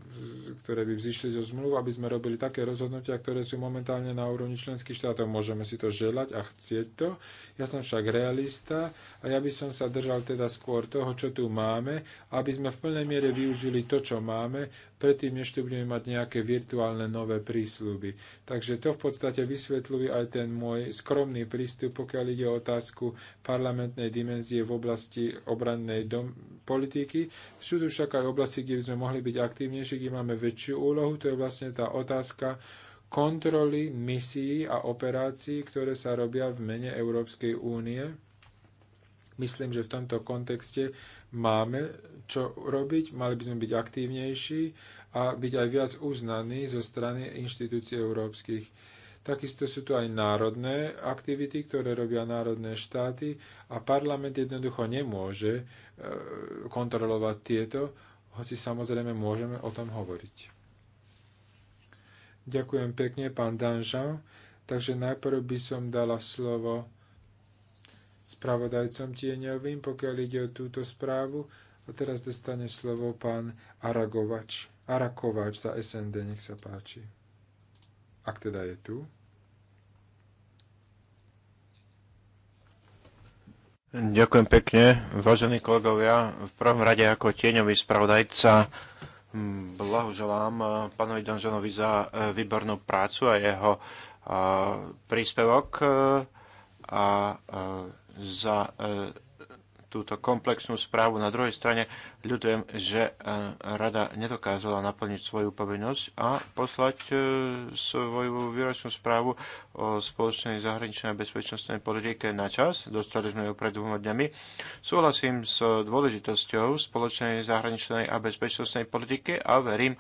ktoré by vzýšli zo zmluv, aby sme robili také rozhodnutia, ktoré sú momentálne na úrovni členských štátov. Môžeme si to želať a chcieť to. Ja som však realista a ja by som sa držal teda skôr toho, čo tu máme, aby sme v plnej miere využili to, čo máme predtým, než tu budeme mať nejaké virtuálne nové prísľuby. Takže to v podstate vysvetľuje aj ten môj skromný prístup, pokiaľ ide o otázku parlamentnej dimenzie v oblasti obrannej dom- politiky. Sú tu však aj oblasti, kde by sme mohli byť aktívnejší, kde máme väčšiu úlohu. To je vlastne tá otázka, kontroly misií a operácií, ktoré sa robia v mene Európskej únie Myslím, že v tomto kontexte máme čo robiť, mali by sme byť aktívnejší a byť aj viac uznaní zo strany inštitúcií európskych. Takisto sú tu aj národné aktivity, ktoré robia národné štáty a parlament jednoducho nemôže e, kontrolovať tieto, hoci samozrejme môžeme o tom hovoriť. Ďakujem pekne, pán Danžan. Takže najprv by som dala slovo spravodajcom tieňovým, pokiaľ ide o túto správu. A teraz dostane slovo pán Aragovač, Arakovač za SND, nech sa páči. Ak teda je tu. Ďakujem pekne, vážení kolegovia. V prvom rade ako tieňový spravodajca hm, blahoželám eh, pánovi Danžanovi za eh, výbornú prácu a jeho eh, príspevok a za e, túto komplexnú správu. Na druhej strane ľudujem že e, rada nedokázala naplniť svoju povinnosť a poslať e, svoju výročnú správu o spoločnej zahraničnej a bezpečnostnej politike na čas. Dostali sme ju pred dvoma dňami. Súhlasím s dôležitosťou spoločnej zahraničnej a bezpečnostnej politiky a verím,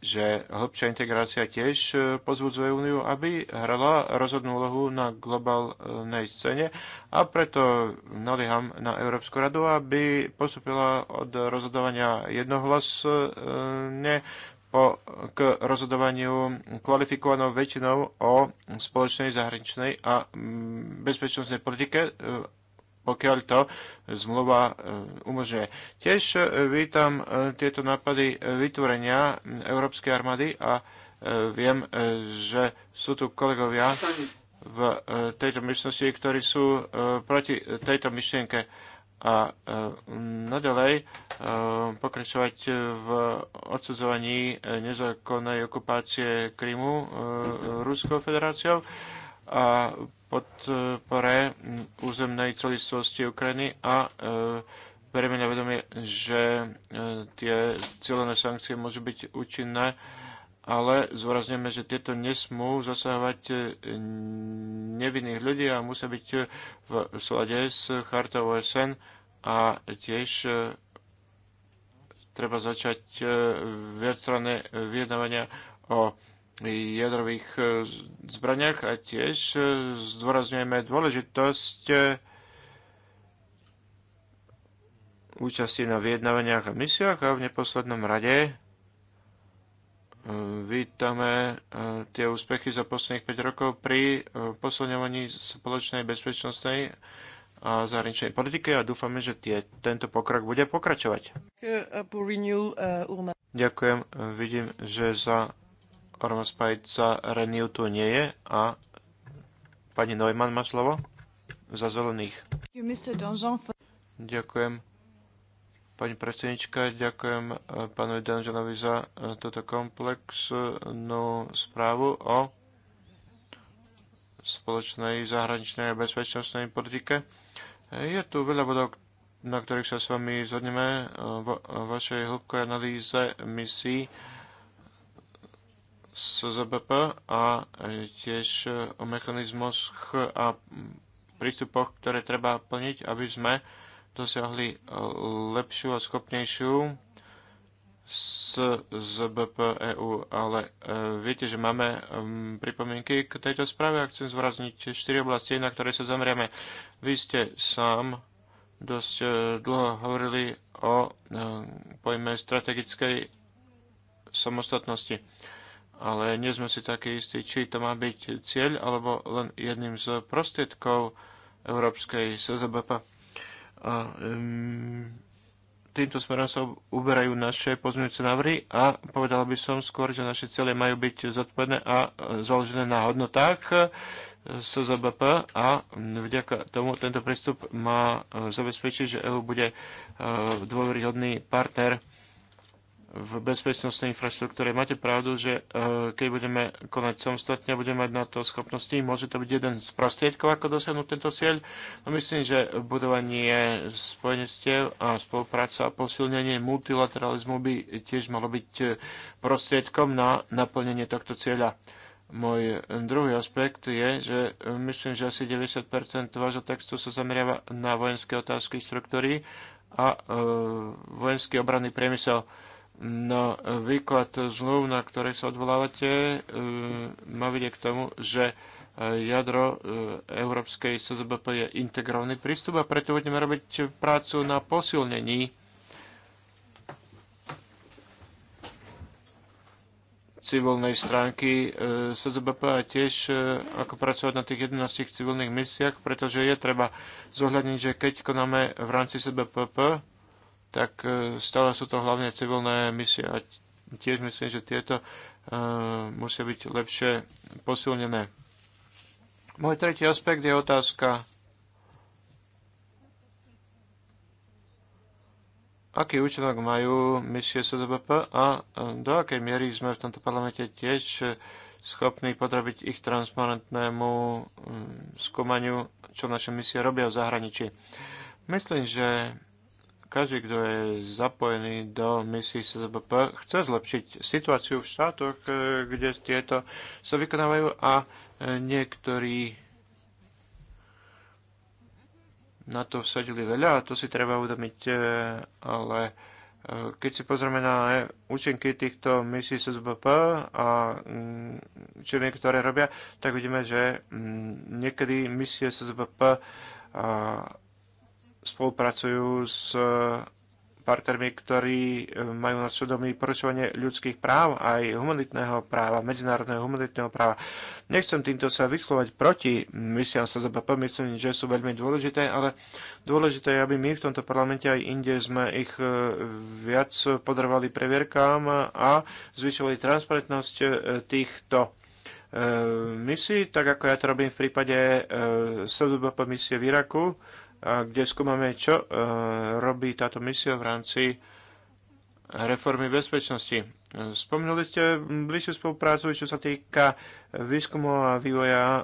že hĺbšia integrácia tiež e, pozbudzuje Úniu, aby hrala rozhodnú úlohu na globálnej scéne a preto nalieham na Európsku radu, aby postupila od rozhodovania jednohlasne po, k rozhodovaniu kvalifikovanou väčšinou o spoločnej zahraničnej a bezpečnostnej politike e, pokiaľ to e, zmluva e, umožňuje. Tiež e, vítam tieto nápady vytvorenia Európskej armády a viem, že sú tu kolegovia v tejto myšlnosti, ktorí sú proti tejto myšlienke a nadalej pokračovať v odsudzovaní nezákonnej okupácie Krymu Ruskou federáciou a podpore mm, územnej celistvosti Ukrajiny a e, berieme na vedomie, že e, tie cieľené sankcie môžu byť účinné, ale zvorazňujeme, že tieto nesmú zasahovať e, nevinných ľudí a musia byť v slade s chartou OSN a tiež treba začať viacstranné vyjednávania o jadrových e, zbraniach a tiež e, zdôrazňujeme dôležitosť e, účasti na vyjednávaniach a misiách a v neposlednom rade vítame tie úspechy za posledných 5 rokov pri posledňovaní spoločnej bezpečnostnej a zahraničnej politike a dúfame, že tie, tento pokrok bude pokračovať. Ďakujem. Vidím, že za Spajca Renew tu nie je a pani Neumann má slovo za zelených. Ďakujem. Pani predsednička, ďakujem eh, pánovi Danžanovi za eh, túto komplexnú správu o spoločnej zahraničnej a bezpečnostnej politike. Je tu veľa bodov, na ktorých sa s vami zhodneme eh, vo vašej hĺbkoj analýze misií SZBP a e, tiež e, o mechanizmoch a prístupoch, ktoré treba plniť, aby sme dosiahli e, lepšiu a schopnejšiu z ZBP EU. Ale viete, že máme pripomienky k tejto správe a chcem zvrazniť štyri oblasti, na ktoré sa zameriame. Vy ste sám dosť dlho hovorili o pojme strategickej samostatnosti ale nie sme si také istí, či to má byť cieľ alebo len jedným z prostriedkov Európskej SZBP. A, um, týmto smerom sa uberajú naše pozmeňujúce návrhy a povedal by som skôr, že naše ciele majú byť zodpovedné a založené na hodnotách SZBP a vďaka tomu tento prístup má zabezpečiť, že EU bude eh, dôveryhodný partner v bezpečnostnej infraštruktúre. Máte pravdu, že e, keď budeme konať samostatne, budeme mať na to schopnosti, môže to byť jeden z prostriedkov, ako dosiahnuť tento cieľ. No myslím, že budovanie spojenstiev a spolupráca a posilnenie multilateralizmu by tiež malo byť e, prostriedkom na naplnenie tohto cieľa. Môj druhý aspekt je, že e, myslím, že asi 90% vášho textu sa zameriava na vojenské otázky štruktúry a vojenský obranný priemysel. No, výklad zmluv, na ktoré sa odvolávate, e, má vidie k tomu, že e, jadro e, Európskej SZBP je integrovaný prístup a preto budeme robiť prácu na posilnení civilnej stránky SZBP a tiež ako pracovať na tých 11 civilných misiach, pretože je treba zohľadniť, že keď konáme v rámci SZBP, tak e, stále sú to hlavne civilné misie a tiež myslím, že tieto e, musia byť lepšie posilnené. Môj tretí aspekt je otázka, aký účinok majú misie SDBP a e, do akej miery sme v tomto parlamente tiež schopní podrobiť ich transparentnému skúmaniu, čo naše misie robia v zahraničí. Myslím, že každý, kto je zapojený do misií SZBP, chce zlepšiť situáciu v štátoch, eh, kde tieto sa vykonávajú a eh, niektorí na to vsadili veľa a to si treba uvedomiť, eh, ale keď si pozrieme na účinky týchto misií SBP a mm, činy, ktoré robia, tak vidíme, že mm, niekedy misie SBP spolupracujú s e, partnermi, ktorí e, majú na svedomí porušovanie ľudských práv, aj humanitného práva, medzinárodného humanitného práva. Nechcem týmto sa vyslovať proti misiám sa ZBP, myslím, že sú veľmi dôležité, ale dôležité je, aby my v tomto parlamente aj inde sme ich e, viac podrvali previerkám a zvyšili transparentnosť týchto misií, tak ako ja to robím v prípade SBP misie v Iraku kde skúmame, čo e, robí táto misia v rámci reformy bezpečnosti. Spomínali ste bližšiu spoluprácu, čo sa týka výskumu a vývoja e,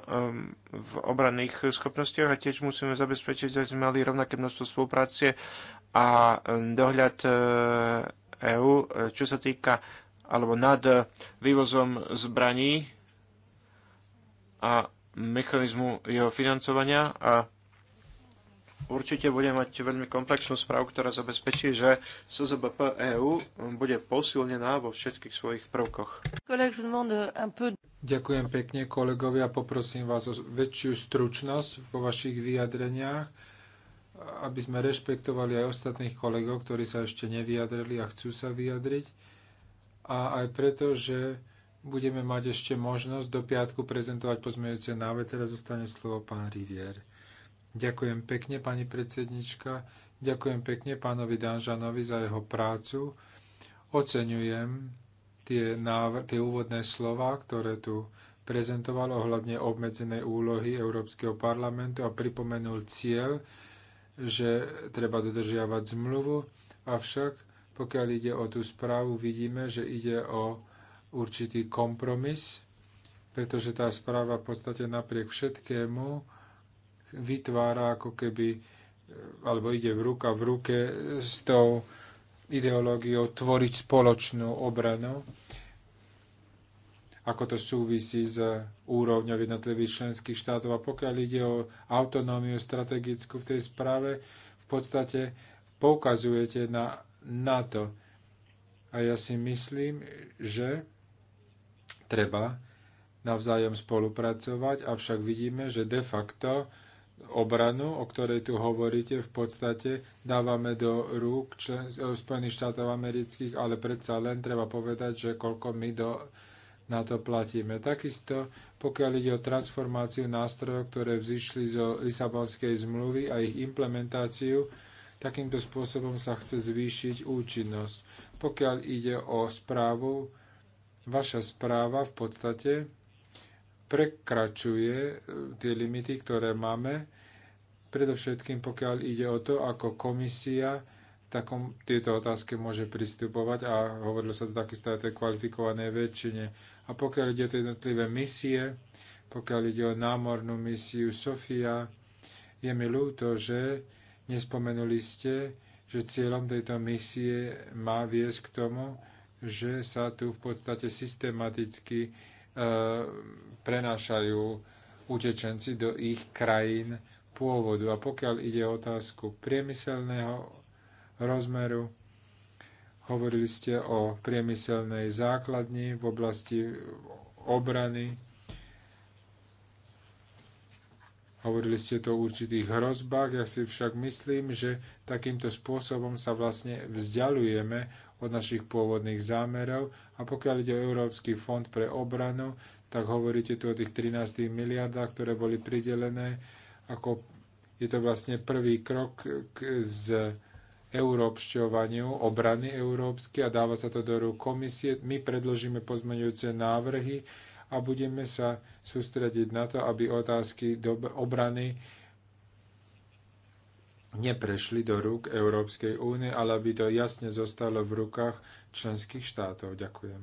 v obranných schopnostiach a tiež musíme zabezpečiť, aby sme mali rovnaké množstvo spolupráce a e, dohľad EÚ, čo sa týka alebo nad vývozom zbraní a mechanizmu jeho financovania a určite bude mať veľmi komplexnú správu, ktorá zabezpečí, že SZBP EU bude posilnená vo všetkých svojich prvkoch. Ďakujem pekne, kolegovia. Poprosím vás o väčšiu stručnosť vo vašich vyjadreniach, aby sme rešpektovali aj ostatných kolegov, ktorí sa ešte nevyjadrili a chcú sa vyjadriť. A aj preto, že budeme mať ešte možnosť do piatku prezentovať pozmeňujúce návrhy. Teraz zostane slovo pán Rivier. Ďakujem pekne, pani predsednička. Ďakujem pekne pánovi Danžanovi za jeho prácu. Oceňujem tie, návr- tie úvodné slova, ktoré tu prezentoval ohľadne obmedzenej úlohy Európskeho parlamentu a pripomenul cieľ, že treba dodržiavať zmluvu, avšak pokiaľ ide o tú správu, vidíme, že ide o určitý kompromis, pretože tá správa v podstate napriek všetkému vytvára ako keby, e, alebo ide v ruka v ruke s tou ideológiou tvoriť spoločnú obranu, ako to súvisí s úrovňou jednotlivých členských štátov. A pokiaľ ide o autonómiu strategickú v tej správe, v podstate poukazujete na NATO. A ja si myslím, že treba navzájom spolupracovať, avšak vidíme, že de facto obranu, o ktorej tu hovoríte, v podstate dávame do rúk e, Spojených štátov amerických, ale predsa len treba povedať, že koľko my do, na to platíme. Takisto, pokiaľ ide o transformáciu nástrojov, ktoré vzýšli zo Lisabonskej zmluvy a ich implementáciu, takýmto spôsobom sa chce zvýšiť účinnosť. Pokiaľ ide o správu, vaša správa v podstate prekračuje e, tie limity, ktoré máme, predovšetkým pokiaľ ide o to, ako komisia takom tieto otázky môže pristupovať a hovorilo sa to takisto aj o tej kvalifikovanej väčšine. A pokiaľ ide o tie jednotlivé misie, pokiaľ ide o námornú misiu Sofia, je mi ľúto, že nespomenuli ste, že cieľom tejto misie má viesť k tomu, že sa tu v podstate systematicky E, prenášajú utečenci do ich krajín pôvodu. A pokiaľ ide o otázku priemyselného rozmeru, hovorili ste o priemyselnej základni v oblasti obrany, Hovorili ste to o určitých hrozbách, ja si však myslím, že takýmto spôsobom sa vlastne vzdialujeme od našich pôvodných zámerov. A pokiaľ ide o Európsky fond pre obranu, tak hovoríte tu o tých 13 miliardách, ktoré boli pridelené. Ako je to vlastne prvý krok k, z európšťovaniu obrany európske a dáva sa to do rúk komisie. My predložíme pozmeňujúce návrhy a budeme sa sústrediť na to, aby otázky obrany neprešli do rúk Európskej únie, ale aby to jasne zostalo v rukách členských štátov. Ďakujem.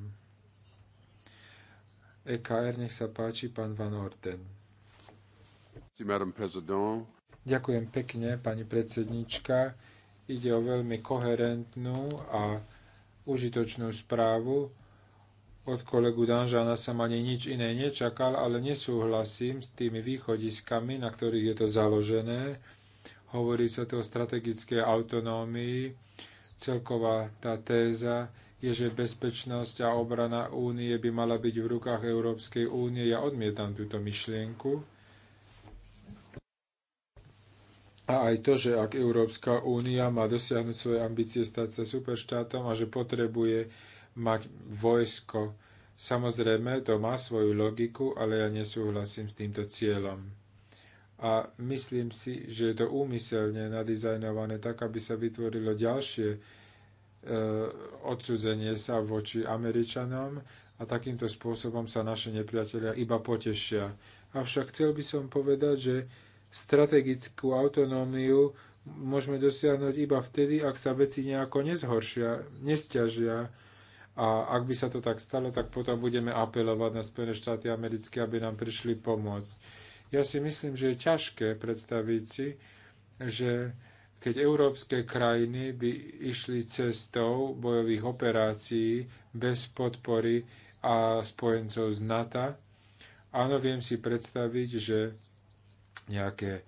EKR, nech sa páči, pán Van Orten. Ďakujem pekne, pani predsednička. Ide o veľmi koherentnú a užitočnú správu. Od kolegu Danžana som ani nič iné nečakal, ale nesúhlasím s tými východiskami, na ktorých je to založené Hovorí sa tu o strategickej autonómii. Celková tá téza je, že bezpečnosť a obrana únie by mala byť v rukách Európskej únie. Ja odmietam túto myšlienku. A aj to, že ak Európska únia má dosiahnuť svoje ambície stať sa superštátom a že potrebuje mať vojsko, samozrejme to má svoju logiku, ale ja nesúhlasím s týmto cieľom a myslím si, že je to úmyselne nadizajnované tak, aby sa vytvorilo ďalšie e, odsudzenie sa voči Američanom a takýmto spôsobom sa naše nepriatelia iba potešia. Avšak chcel by som povedať, že strategickú autonómiu môžeme dosiahnuť iba vtedy, ak sa veci nejako nezhoršia, nestiažia, a ak by sa to tak stalo, tak potom budeme apelovať na Spojené štáty americké, aby nám prišli pomôcť. Ja si myslím, že je ťažké predstaviť si, že keď európske krajiny by išli cestou bojových operácií bez podpory a spojencov z NATO, áno, viem si predstaviť, že nejaké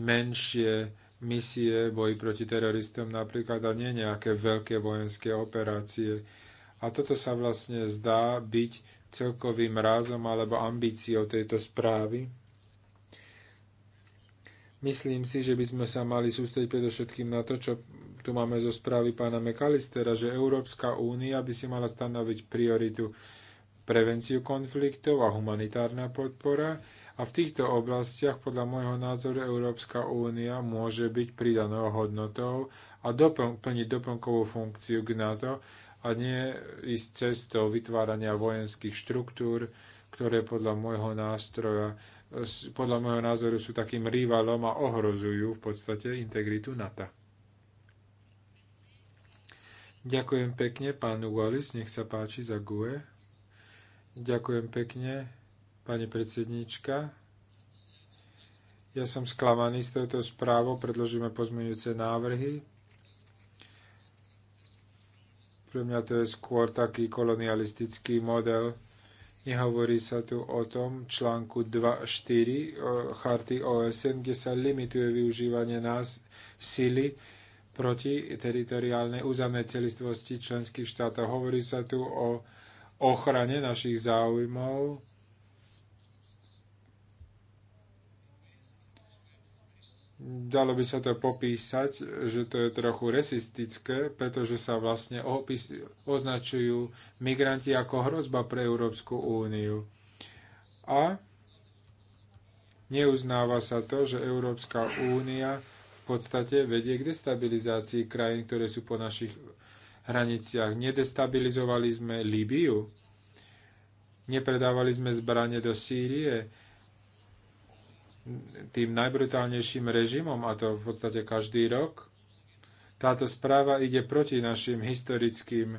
menšie misie boji proti teroristom napríklad a nie nejaké veľké vojenské operácie. A toto sa vlastne zdá byť celkovým rázom alebo ambíciou tejto správy. Myslím si, že by sme sa mali sústrediť predovšetkým na to, čo tu máme zo správy pána Mekalistera, že Európska únia by si mala stanoviť prioritu prevenciu konfliktov a humanitárna podpora. A v týchto oblastiach podľa môjho názoru Európska únia môže byť pridanou hodnotou a doplň, plniť doplnkovú funkciu k NATO a nie ísť cestou vytvárania vojenských štruktúr, ktoré podľa môjho nástroja podľa môjho názoru sú takým rivalom a ohrozujú v podstate integritu NATO. Ďakujem pekne, pán Wallis, nech sa páči za GUE. Ďakujem pekne, pani predsednička. Ja som sklamaný z touto správo, predložíme pozmeňujúce návrhy. Pre mňa to je skôr taký kolonialistický model, Nehovorí sa tu o tom článku 2.4 charty OSN, kde sa limituje využívanie nás sily proti teritoriálnej územnej celistvosti členských štátov. Hovorí sa tu o ochrane našich záujmov dalo by sa to popísať, že to je trochu resistické, pretože sa vlastne opis, označujú migranti ako hrozba pre Európsku úniu. A neuznáva sa to, že Európska únia v podstate vedie k destabilizácii krajín, ktoré sú po našich hraniciach. Nedestabilizovali sme Líbiu, nepredávali sme zbranie do Sýrie, tým najbrutálnejším režimom, a to v podstate každý rok. Táto správa ide proti našim historickým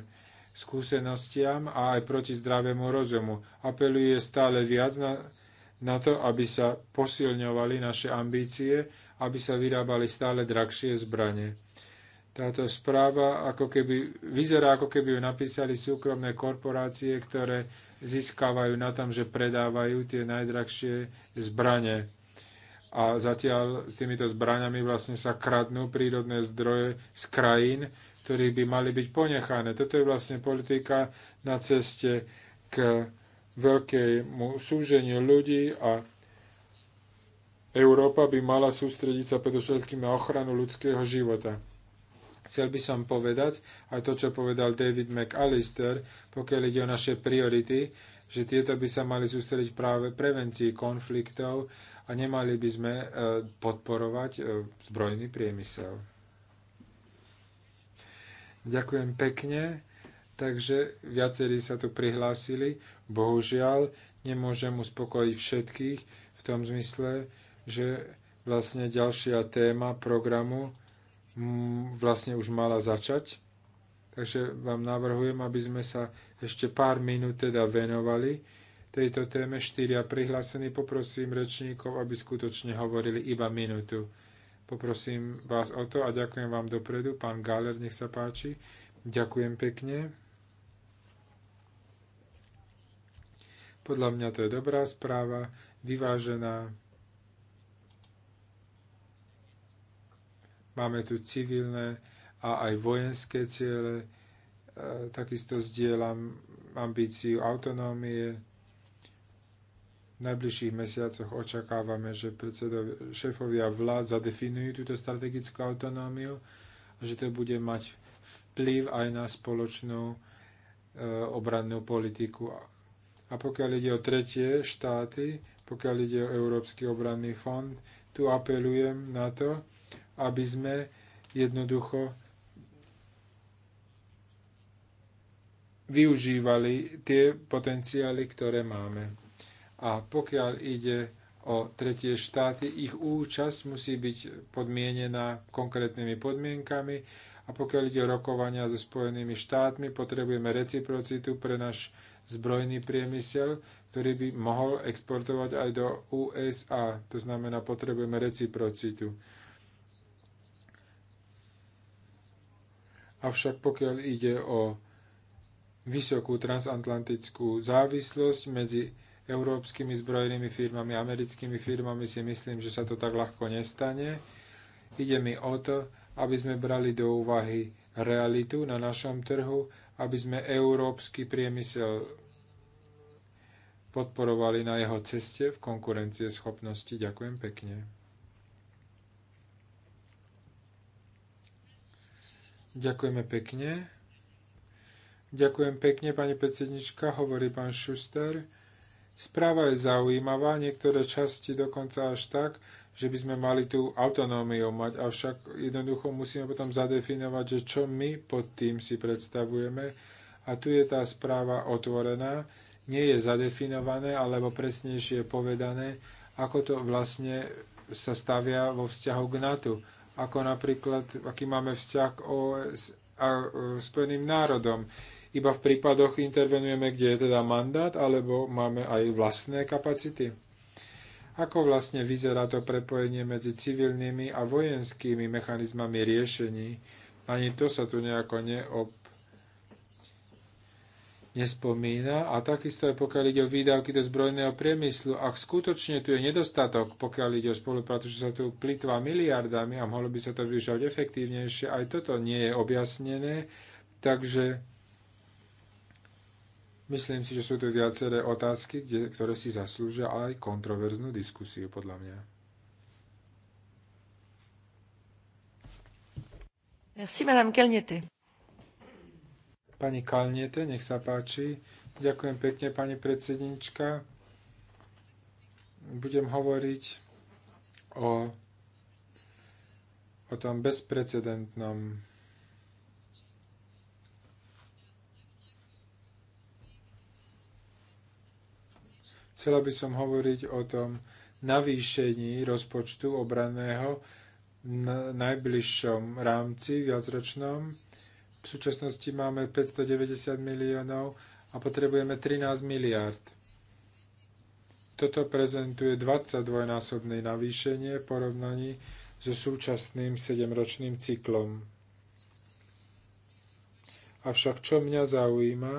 skúsenostiam a aj proti zdravému rozumu. Apeluje stále viac na, na to, aby sa posilňovali naše ambície, aby sa vyrábali stále drahšie zbranie. Táto správa ako keby, vyzerá, ako keby ju napísali súkromné korporácie, ktoré získavajú na tom, že predávajú tie najdrahšie zbranie a zatiaľ s týmito zbraňami vlastne sa kradnú prírodné zdroje z krajín, ktorých by mali byť ponechané. Toto je vlastne politika na ceste k veľkému súženiu ľudí a Európa by mala sústrediť sa predovšetkým na ochranu ľudského života. Chcel by som povedať aj to, čo povedal David McAllister, pokiaľ ide o naše priority, že tieto by sa mali sústrediť práve prevencii konfliktov a nemali by sme e, podporovať e, zbrojný priemysel. Ďakujem pekne. Takže viacerí sa tu prihlásili. Bohužiaľ, nemôžem uspokojiť všetkých v tom zmysle, že vlastne ďalšia téma programu vlastne už mala začať. Takže vám navrhujem, aby sme sa ešte pár minút teda venovali tejto téme štyria prihlásení. Poprosím rečníkov, aby skutočne hovorili iba minútu. Poprosím vás o to a ďakujem vám dopredu. Pán Galer, nech sa páči. Ďakujem pekne. Podľa mňa to je dobrá správa, vyvážená. Máme tu civilné a aj vojenské ciele. E, takisto zdieľam ambíciu autonómie, v najbližších mesiacoch očakávame, že predsedov, šéfovia vlád zadefinujú túto strategickú autonómiu a že to bude mať vplyv aj na spoločnú e, obrannú politiku. A pokiaľ ide o tretie štáty, pokiaľ ide o Európsky obranný fond, tu apelujem na to, aby sme jednoducho využívali tie potenciály, ktoré máme. A pokiaľ ide o tretie štáty, ich účasť musí byť podmienená konkrétnymi podmienkami a pokiaľ ide o rokovania so Spojenými štátmi, potrebujeme reciprocitu pre náš zbrojný priemysel, ktorý by mohol exportovať aj do USA. To znamená, potrebujeme reciprocitu. Avšak pokiaľ ide o vysokú transatlantickú závislosť medzi európskymi zbrojnými firmami, americkými firmami, si myslím, že sa to tak ľahko nestane. Ide mi o to, aby sme brali do úvahy realitu na našom trhu, aby sme európsky priemysel podporovali na jeho ceste v konkurencie schopnosti. Ďakujem pekne. Ďakujeme pekne. Ďakujem pekne, pani predsednička, hovorí pán Šuster. Správa je zaujímavá, niektoré časti dokonca až tak, že by sme mali tú autonómiu mať, avšak jednoducho musíme potom zadefinovať, že čo my pod tým si predstavujeme. A tu je tá správa otvorená, nie je zadefinované, alebo presnejšie povedané, ako to vlastne sa stavia vo vzťahu k NATO. Ako napríklad, aký máme vzťah o, s, a, o Spojeným národom iba v prípadoch intervenujeme, kde je teda mandát, alebo máme aj vlastné kapacity? Ako vlastne vyzerá to prepojenie medzi civilnými a vojenskými mechanizmami riešení? Ani to sa tu nejako neob... nespomína a takisto aj pokiaľ ide o výdavky do zbrojného priemyslu. Ak skutočne tu je nedostatok, pokiaľ ide o spoluprácu, že sa tu plýtva miliardami a mohlo by sa to využívať efektívnejšie, aj toto nie je objasnené, takže Myslím si, že sú tu viaceré otázky, kde, ktoré si zaslúžia aj kontroverznú diskusiu, podľa mňa. Merci, madame Kalniete. Pani Kalniete, nech sa páči. Ďakujem pekne, pani predsednička. Budem hovoriť o, o tom bezprecedentnom Chcela by som hovoriť o tom navýšení rozpočtu obranného v najbližšom rámci viacročnom. V súčasnosti máme 590 miliónov a potrebujeme 13 miliárd. Toto prezentuje 22-násobné navýšenie v porovnaní so súčasným 7-ročným cyklom. Avšak čo mňa zaujíma,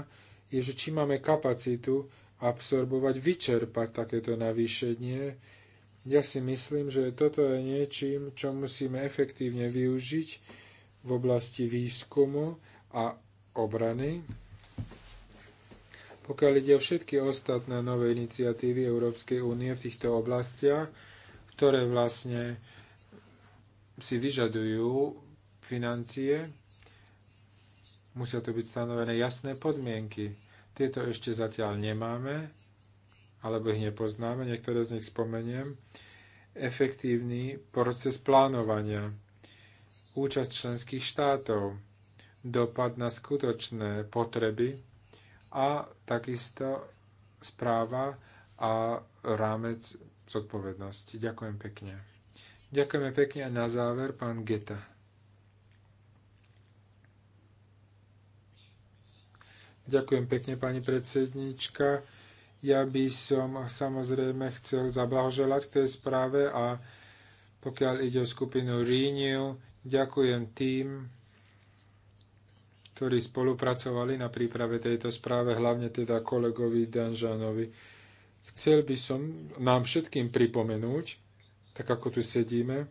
je, že či máme kapacitu absorbovať, vyčerpať takéto navýšenie. Ja si myslím, že toto je niečím, čo musíme efektívne využiť v oblasti výskumu a obrany. Pokiaľ ide o všetky ostatné nové iniciatívy Európskej únie v týchto oblastiach, ktoré vlastne si vyžadujú financie, musia to byť stanovené jasné podmienky tieto ešte zatiaľ nemáme, alebo ich nepoznáme, niektoré z nich spomeniem. Efektívny proces plánovania, účasť členských štátov, dopad na skutočné potreby a takisto správa a rámec zodpovednosti. Ďakujem pekne. Ďakujeme pekne a na záver pán Geta. Ďakujem pekne, pani predsednička. Ja by som samozrejme chcel zablahoželať k tej správe a pokiaľ ide o skupinu Ríniu, ďakujem tým, ktorí spolupracovali na príprave tejto správe, hlavne teda kolegovi Danžanovi. Chcel by som nám všetkým pripomenúť, tak ako tu sedíme,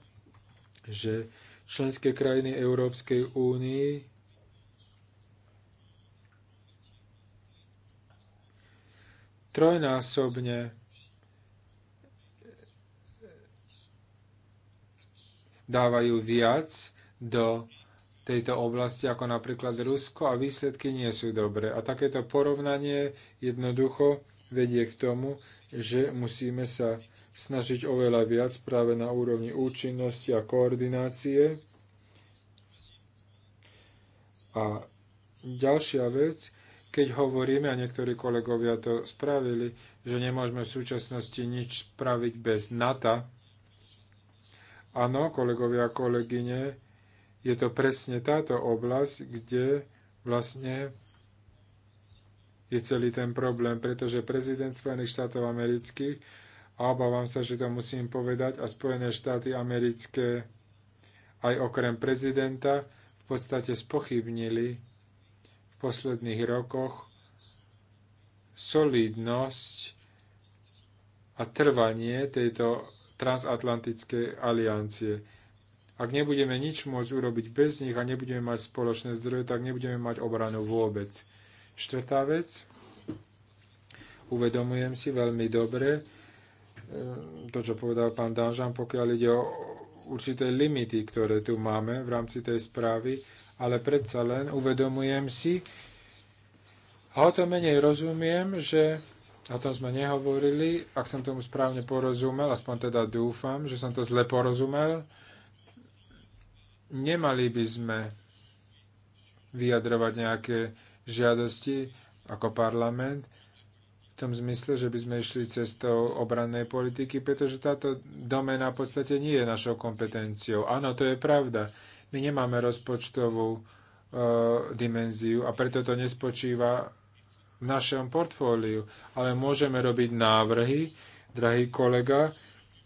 že členské krajiny Európskej únii trojnásobne dávajú viac do tejto oblasti, ako napríklad Rusko, a výsledky nie sú dobré. A takéto porovnanie jednoducho vedie k tomu, že musíme sa snažiť oveľa viac práve na úrovni účinnosti a koordinácie. A ďalšia vec, keď hovoríme, a niektorí kolegovia to spravili, že nemôžeme v súčasnosti nič spraviť bez NATO. Áno, kolegovia a kolegyne, je to presne táto oblasť, kde vlastne je celý ten problém, pretože prezident Spojených štátov amerických, a obávam sa, že to musím povedať, a Spojené štáty americké aj okrem prezidenta v podstate spochybnili posledných rokoch solidnosť a trvanie tejto transatlantickej aliancie. Ak nebudeme nič môcť urobiť bez nich a nebudeme mať spoločné zdroje, tak nebudeme mať obranu vôbec. Štvrtá vec, uvedomujem si veľmi dobre, e, to, čo povedal pán Danžan, pokiaľ ide o určité limity, ktoré tu máme v rámci tej správy ale predsa len uvedomujem si a o to menej rozumiem, že o tom sme nehovorili, ak som tomu správne porozumel, aspoň teda dúfam, že som to zle porozumel, nemali by sme vyjadrovať nejaké žiadosti ako parlament, v tom zmysle, že by sme išli cestou obrannej politiky, pretože táto domena v podstate nie je našou kompetenciou. Áno, to je pravda. My nemáme rozpočtovú e, dimenziu a preto to nespočíva v našom portfóliu, ale môžeme robiť návrhy, drahý kolega,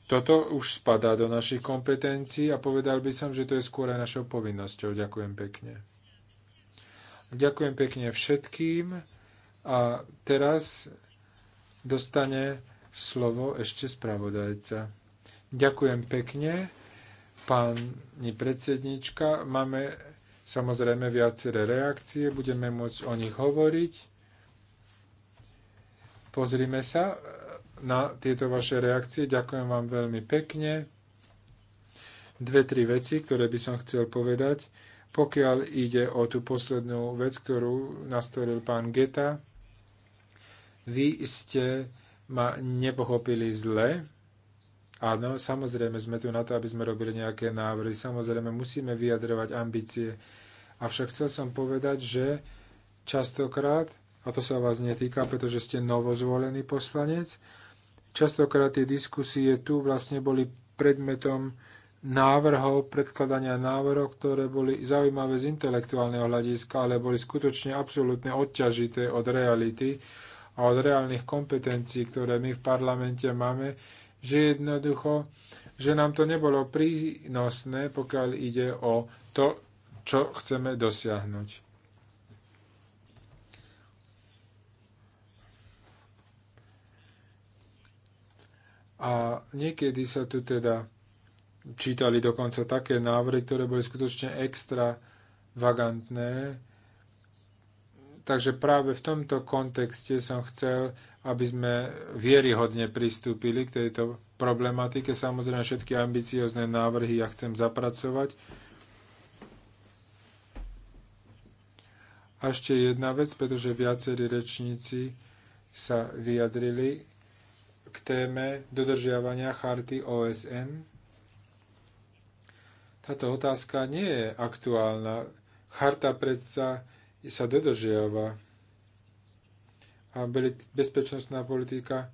toto už spadá do našich kompetencií a povedal by som, že to je skôr aj našou povinnosťou. Ďakujem pekne. Ďakujem pekne všetkým a teraz dostane slovo ešte spravodajca. Ďakujem pekne. Pani predsednička, máme samozrejme viaceré reakcie, budeme môcť o nich hovoriť. Pozrime sa na tieto vaše reakcie. Ďakujem vám veľmi pekne. Dve, tri veci, ktoré by som chcel povedať. Pokiaľ ide o tú poslednú vec, ktorú nastoril pán Geta, vy ste ma nepochopili zle. Áno, samozrejme sme tu na to, aby sme robili nejaké návrhy, samozrejme musíme vyjadrovať ambície. Avšak chcel som povedať, že častokrát, a to sa vás netýka, pretože ste novozvolený poslanec, častokrát tie diskusie tu vlastne boli predmetom návrhov, predkladania návrhov, ktoré boli zaujímavé z intelektuálneho hľadiska, ale boli skutočne absolútne odťažité od reality a od reálnych kompetencií, ktoré my v parlamente máme, že jednoducho, že nám to nebolo prínosné, pokiaľ ide o to, čo chceme dosiahnuť. A niekedy sa tu teda čítali dokonca také návrhy, ktoré boli skutočne extra vagantné. Takže práve v tomto kontexte som chcel aby sme vieryhodne pristúpili k tejto problematike. Samozrejme, všetky ambiciozne návrhy ja chcem zapracovať. A ešte jedna vec, pretože viacerí rečníci sa vyjadrili k téme dodržiavania charty OSN. Táto otázka nie je aktuálna. Charta predsa sa dodržiava a bezpečnostná politika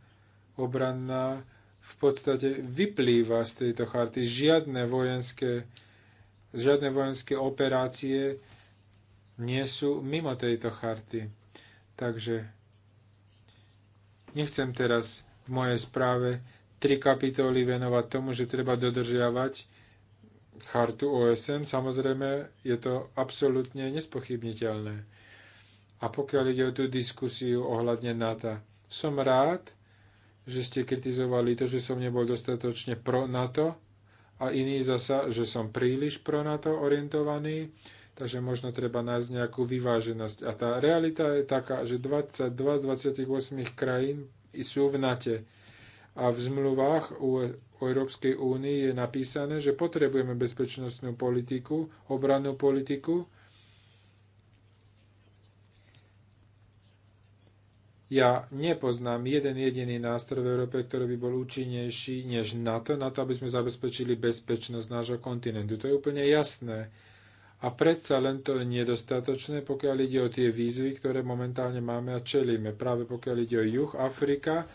obranná v podstate vyplýva z tejto charty. Žiadne vojenské, žiadne vojenské operácie nie sú mimo tejto charty. Takže nechcem teraz v mojej správe tri kapitoly venovať tomu, že treba dodržiavať chartu OSN. Samozrejme, je to absolútne nespochybniteľné a pokiaľ ide o tú diskusiu ohľadne NATO, som rád, že ste kritizovali to, že som nebol dostatočne pro NATO a iný zasa, že som príliš pro NATO orientovaný, takže možno treba nájsť nejakú vyváženosť. A tá realita je taká, že 22 z 28 krajín sú v NATO a v zmluvách o Európskej únii je napísané, že potrebujeme bezpečnostnú politiku, obrannú politiku, Ja nepoznám jeden jediný nástroj v Európe, ktorý by bol účinnejší než NATO, na to, aby sme zabezpečili bezpečnosť nášho kontinentu. To je úplne jasné. A predsa len to je nedostatočné, pokiaľ ide o tie výzvy, ktoré momentálne máme a čelíme. Práve pokiaľ ide o juh Afrika,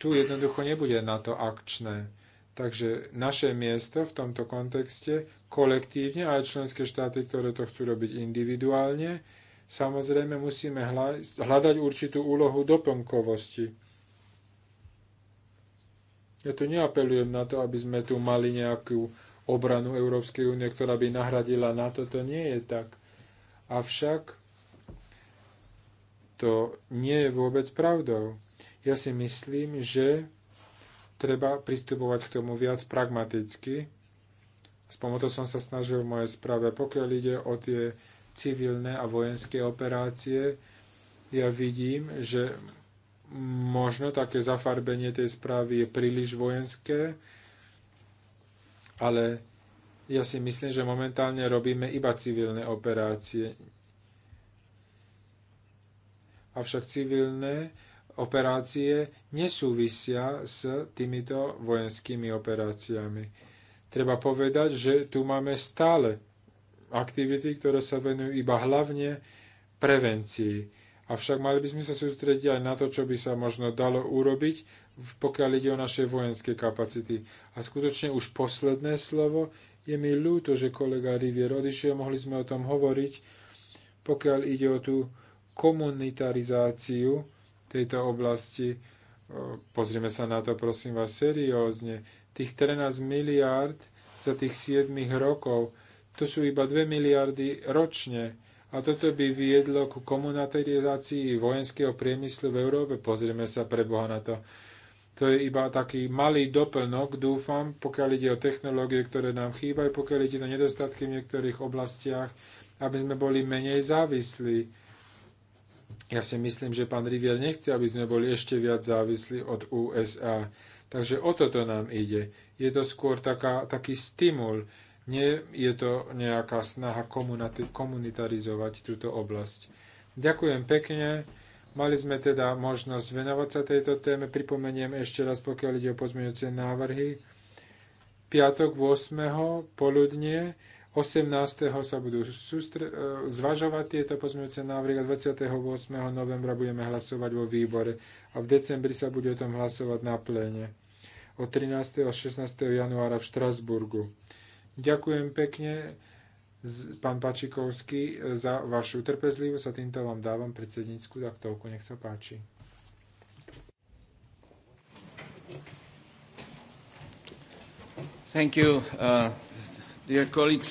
tu jednoducho nebude na to akčné. Takže naše miesto v tomto kontexte kolektívne, aj členské štáty, ktoré to chcú robiť individuálne, Samozrejme musíme hľadať určitú úlohu doplnkovosti. Ja tu neapelujem na to, aby sme tu mali nejakú obranu Európskej únie, ktorá by nahradila NATO. To nie je tak. Avšak to nie je vôbec pravdou. Ja si myslím, že treba pristupovať k tomu viac pragmaticky. S o som sa snažil v mojej správe. Pokiaľ ide o tie civilné a vojenské operácie, ja vidím, že možno také zafarbenie tej správy je príliš vojenské, ale ja si myslím, že momentálne robíme iba civilné operácie. Avšak civilné operácie nesúvisia s týmito vojenskými operáciami. Treba povedať, že tu máme stále aktivity, ktoré sa venujú iba hlavne prevencii. Avšak mali by sme sa sústrediť aj na to, čo by sa možno dalo urobiť, pokiaľ ide o naše vojenské kapacity. A skutočne už posledné slovo. Je mi ľúto, že kolega Rivier odišiel, mohli sme o tom hovoriť, pokiaľ ide o tú komunitarizáciu tejto oblasti. E, Pozrieme sa na to, prosím vás, seriózne. Tých 13 miliárd za tých 7 rokov, to sú iba 2 miliardy ročne. A toto by viedlo ku komunitarizácii vojenského priemyslu v Európe. Pozrieme sa pre Boha na to. To je iba taký malý doplnok, dúfam, pokiaľ ide o technológie, ktoré nám chýbajú, pokiaľ ide o nedostatky v niektorých oblastiach, aby sme boli menej závislí. Ja si myslím, že pán Rivier nechce, aby sme boli ešte viac závislí od USA. Takže o toto nám ide. Je to skôr taká, taký stimul. Nie je to nejaká snaha komunitarizovať túto oblasť. Ďakujem pekne. Mali sme teda možnosť venovať sa tejto téme. Pripomeniem ešte raz, pokiaľ ide o pozmeňujúce návrhy. Piatok 8. poludne 18. sa budú sústre- e, zvažovať tieto pozmeňujúce návrhy a 28. novembra budeme hlasovať vo výbore a v decembri sa bude o tom hlasovať na pléne od 13. a 16. januára v Štrasburgu. Ďakujem pekne, pán Pačikovský, e, za vašu trpezlivosť a týmto vám dávam predsednícku toľko, Nech sa páči. Thank you, uh, dear colleagues.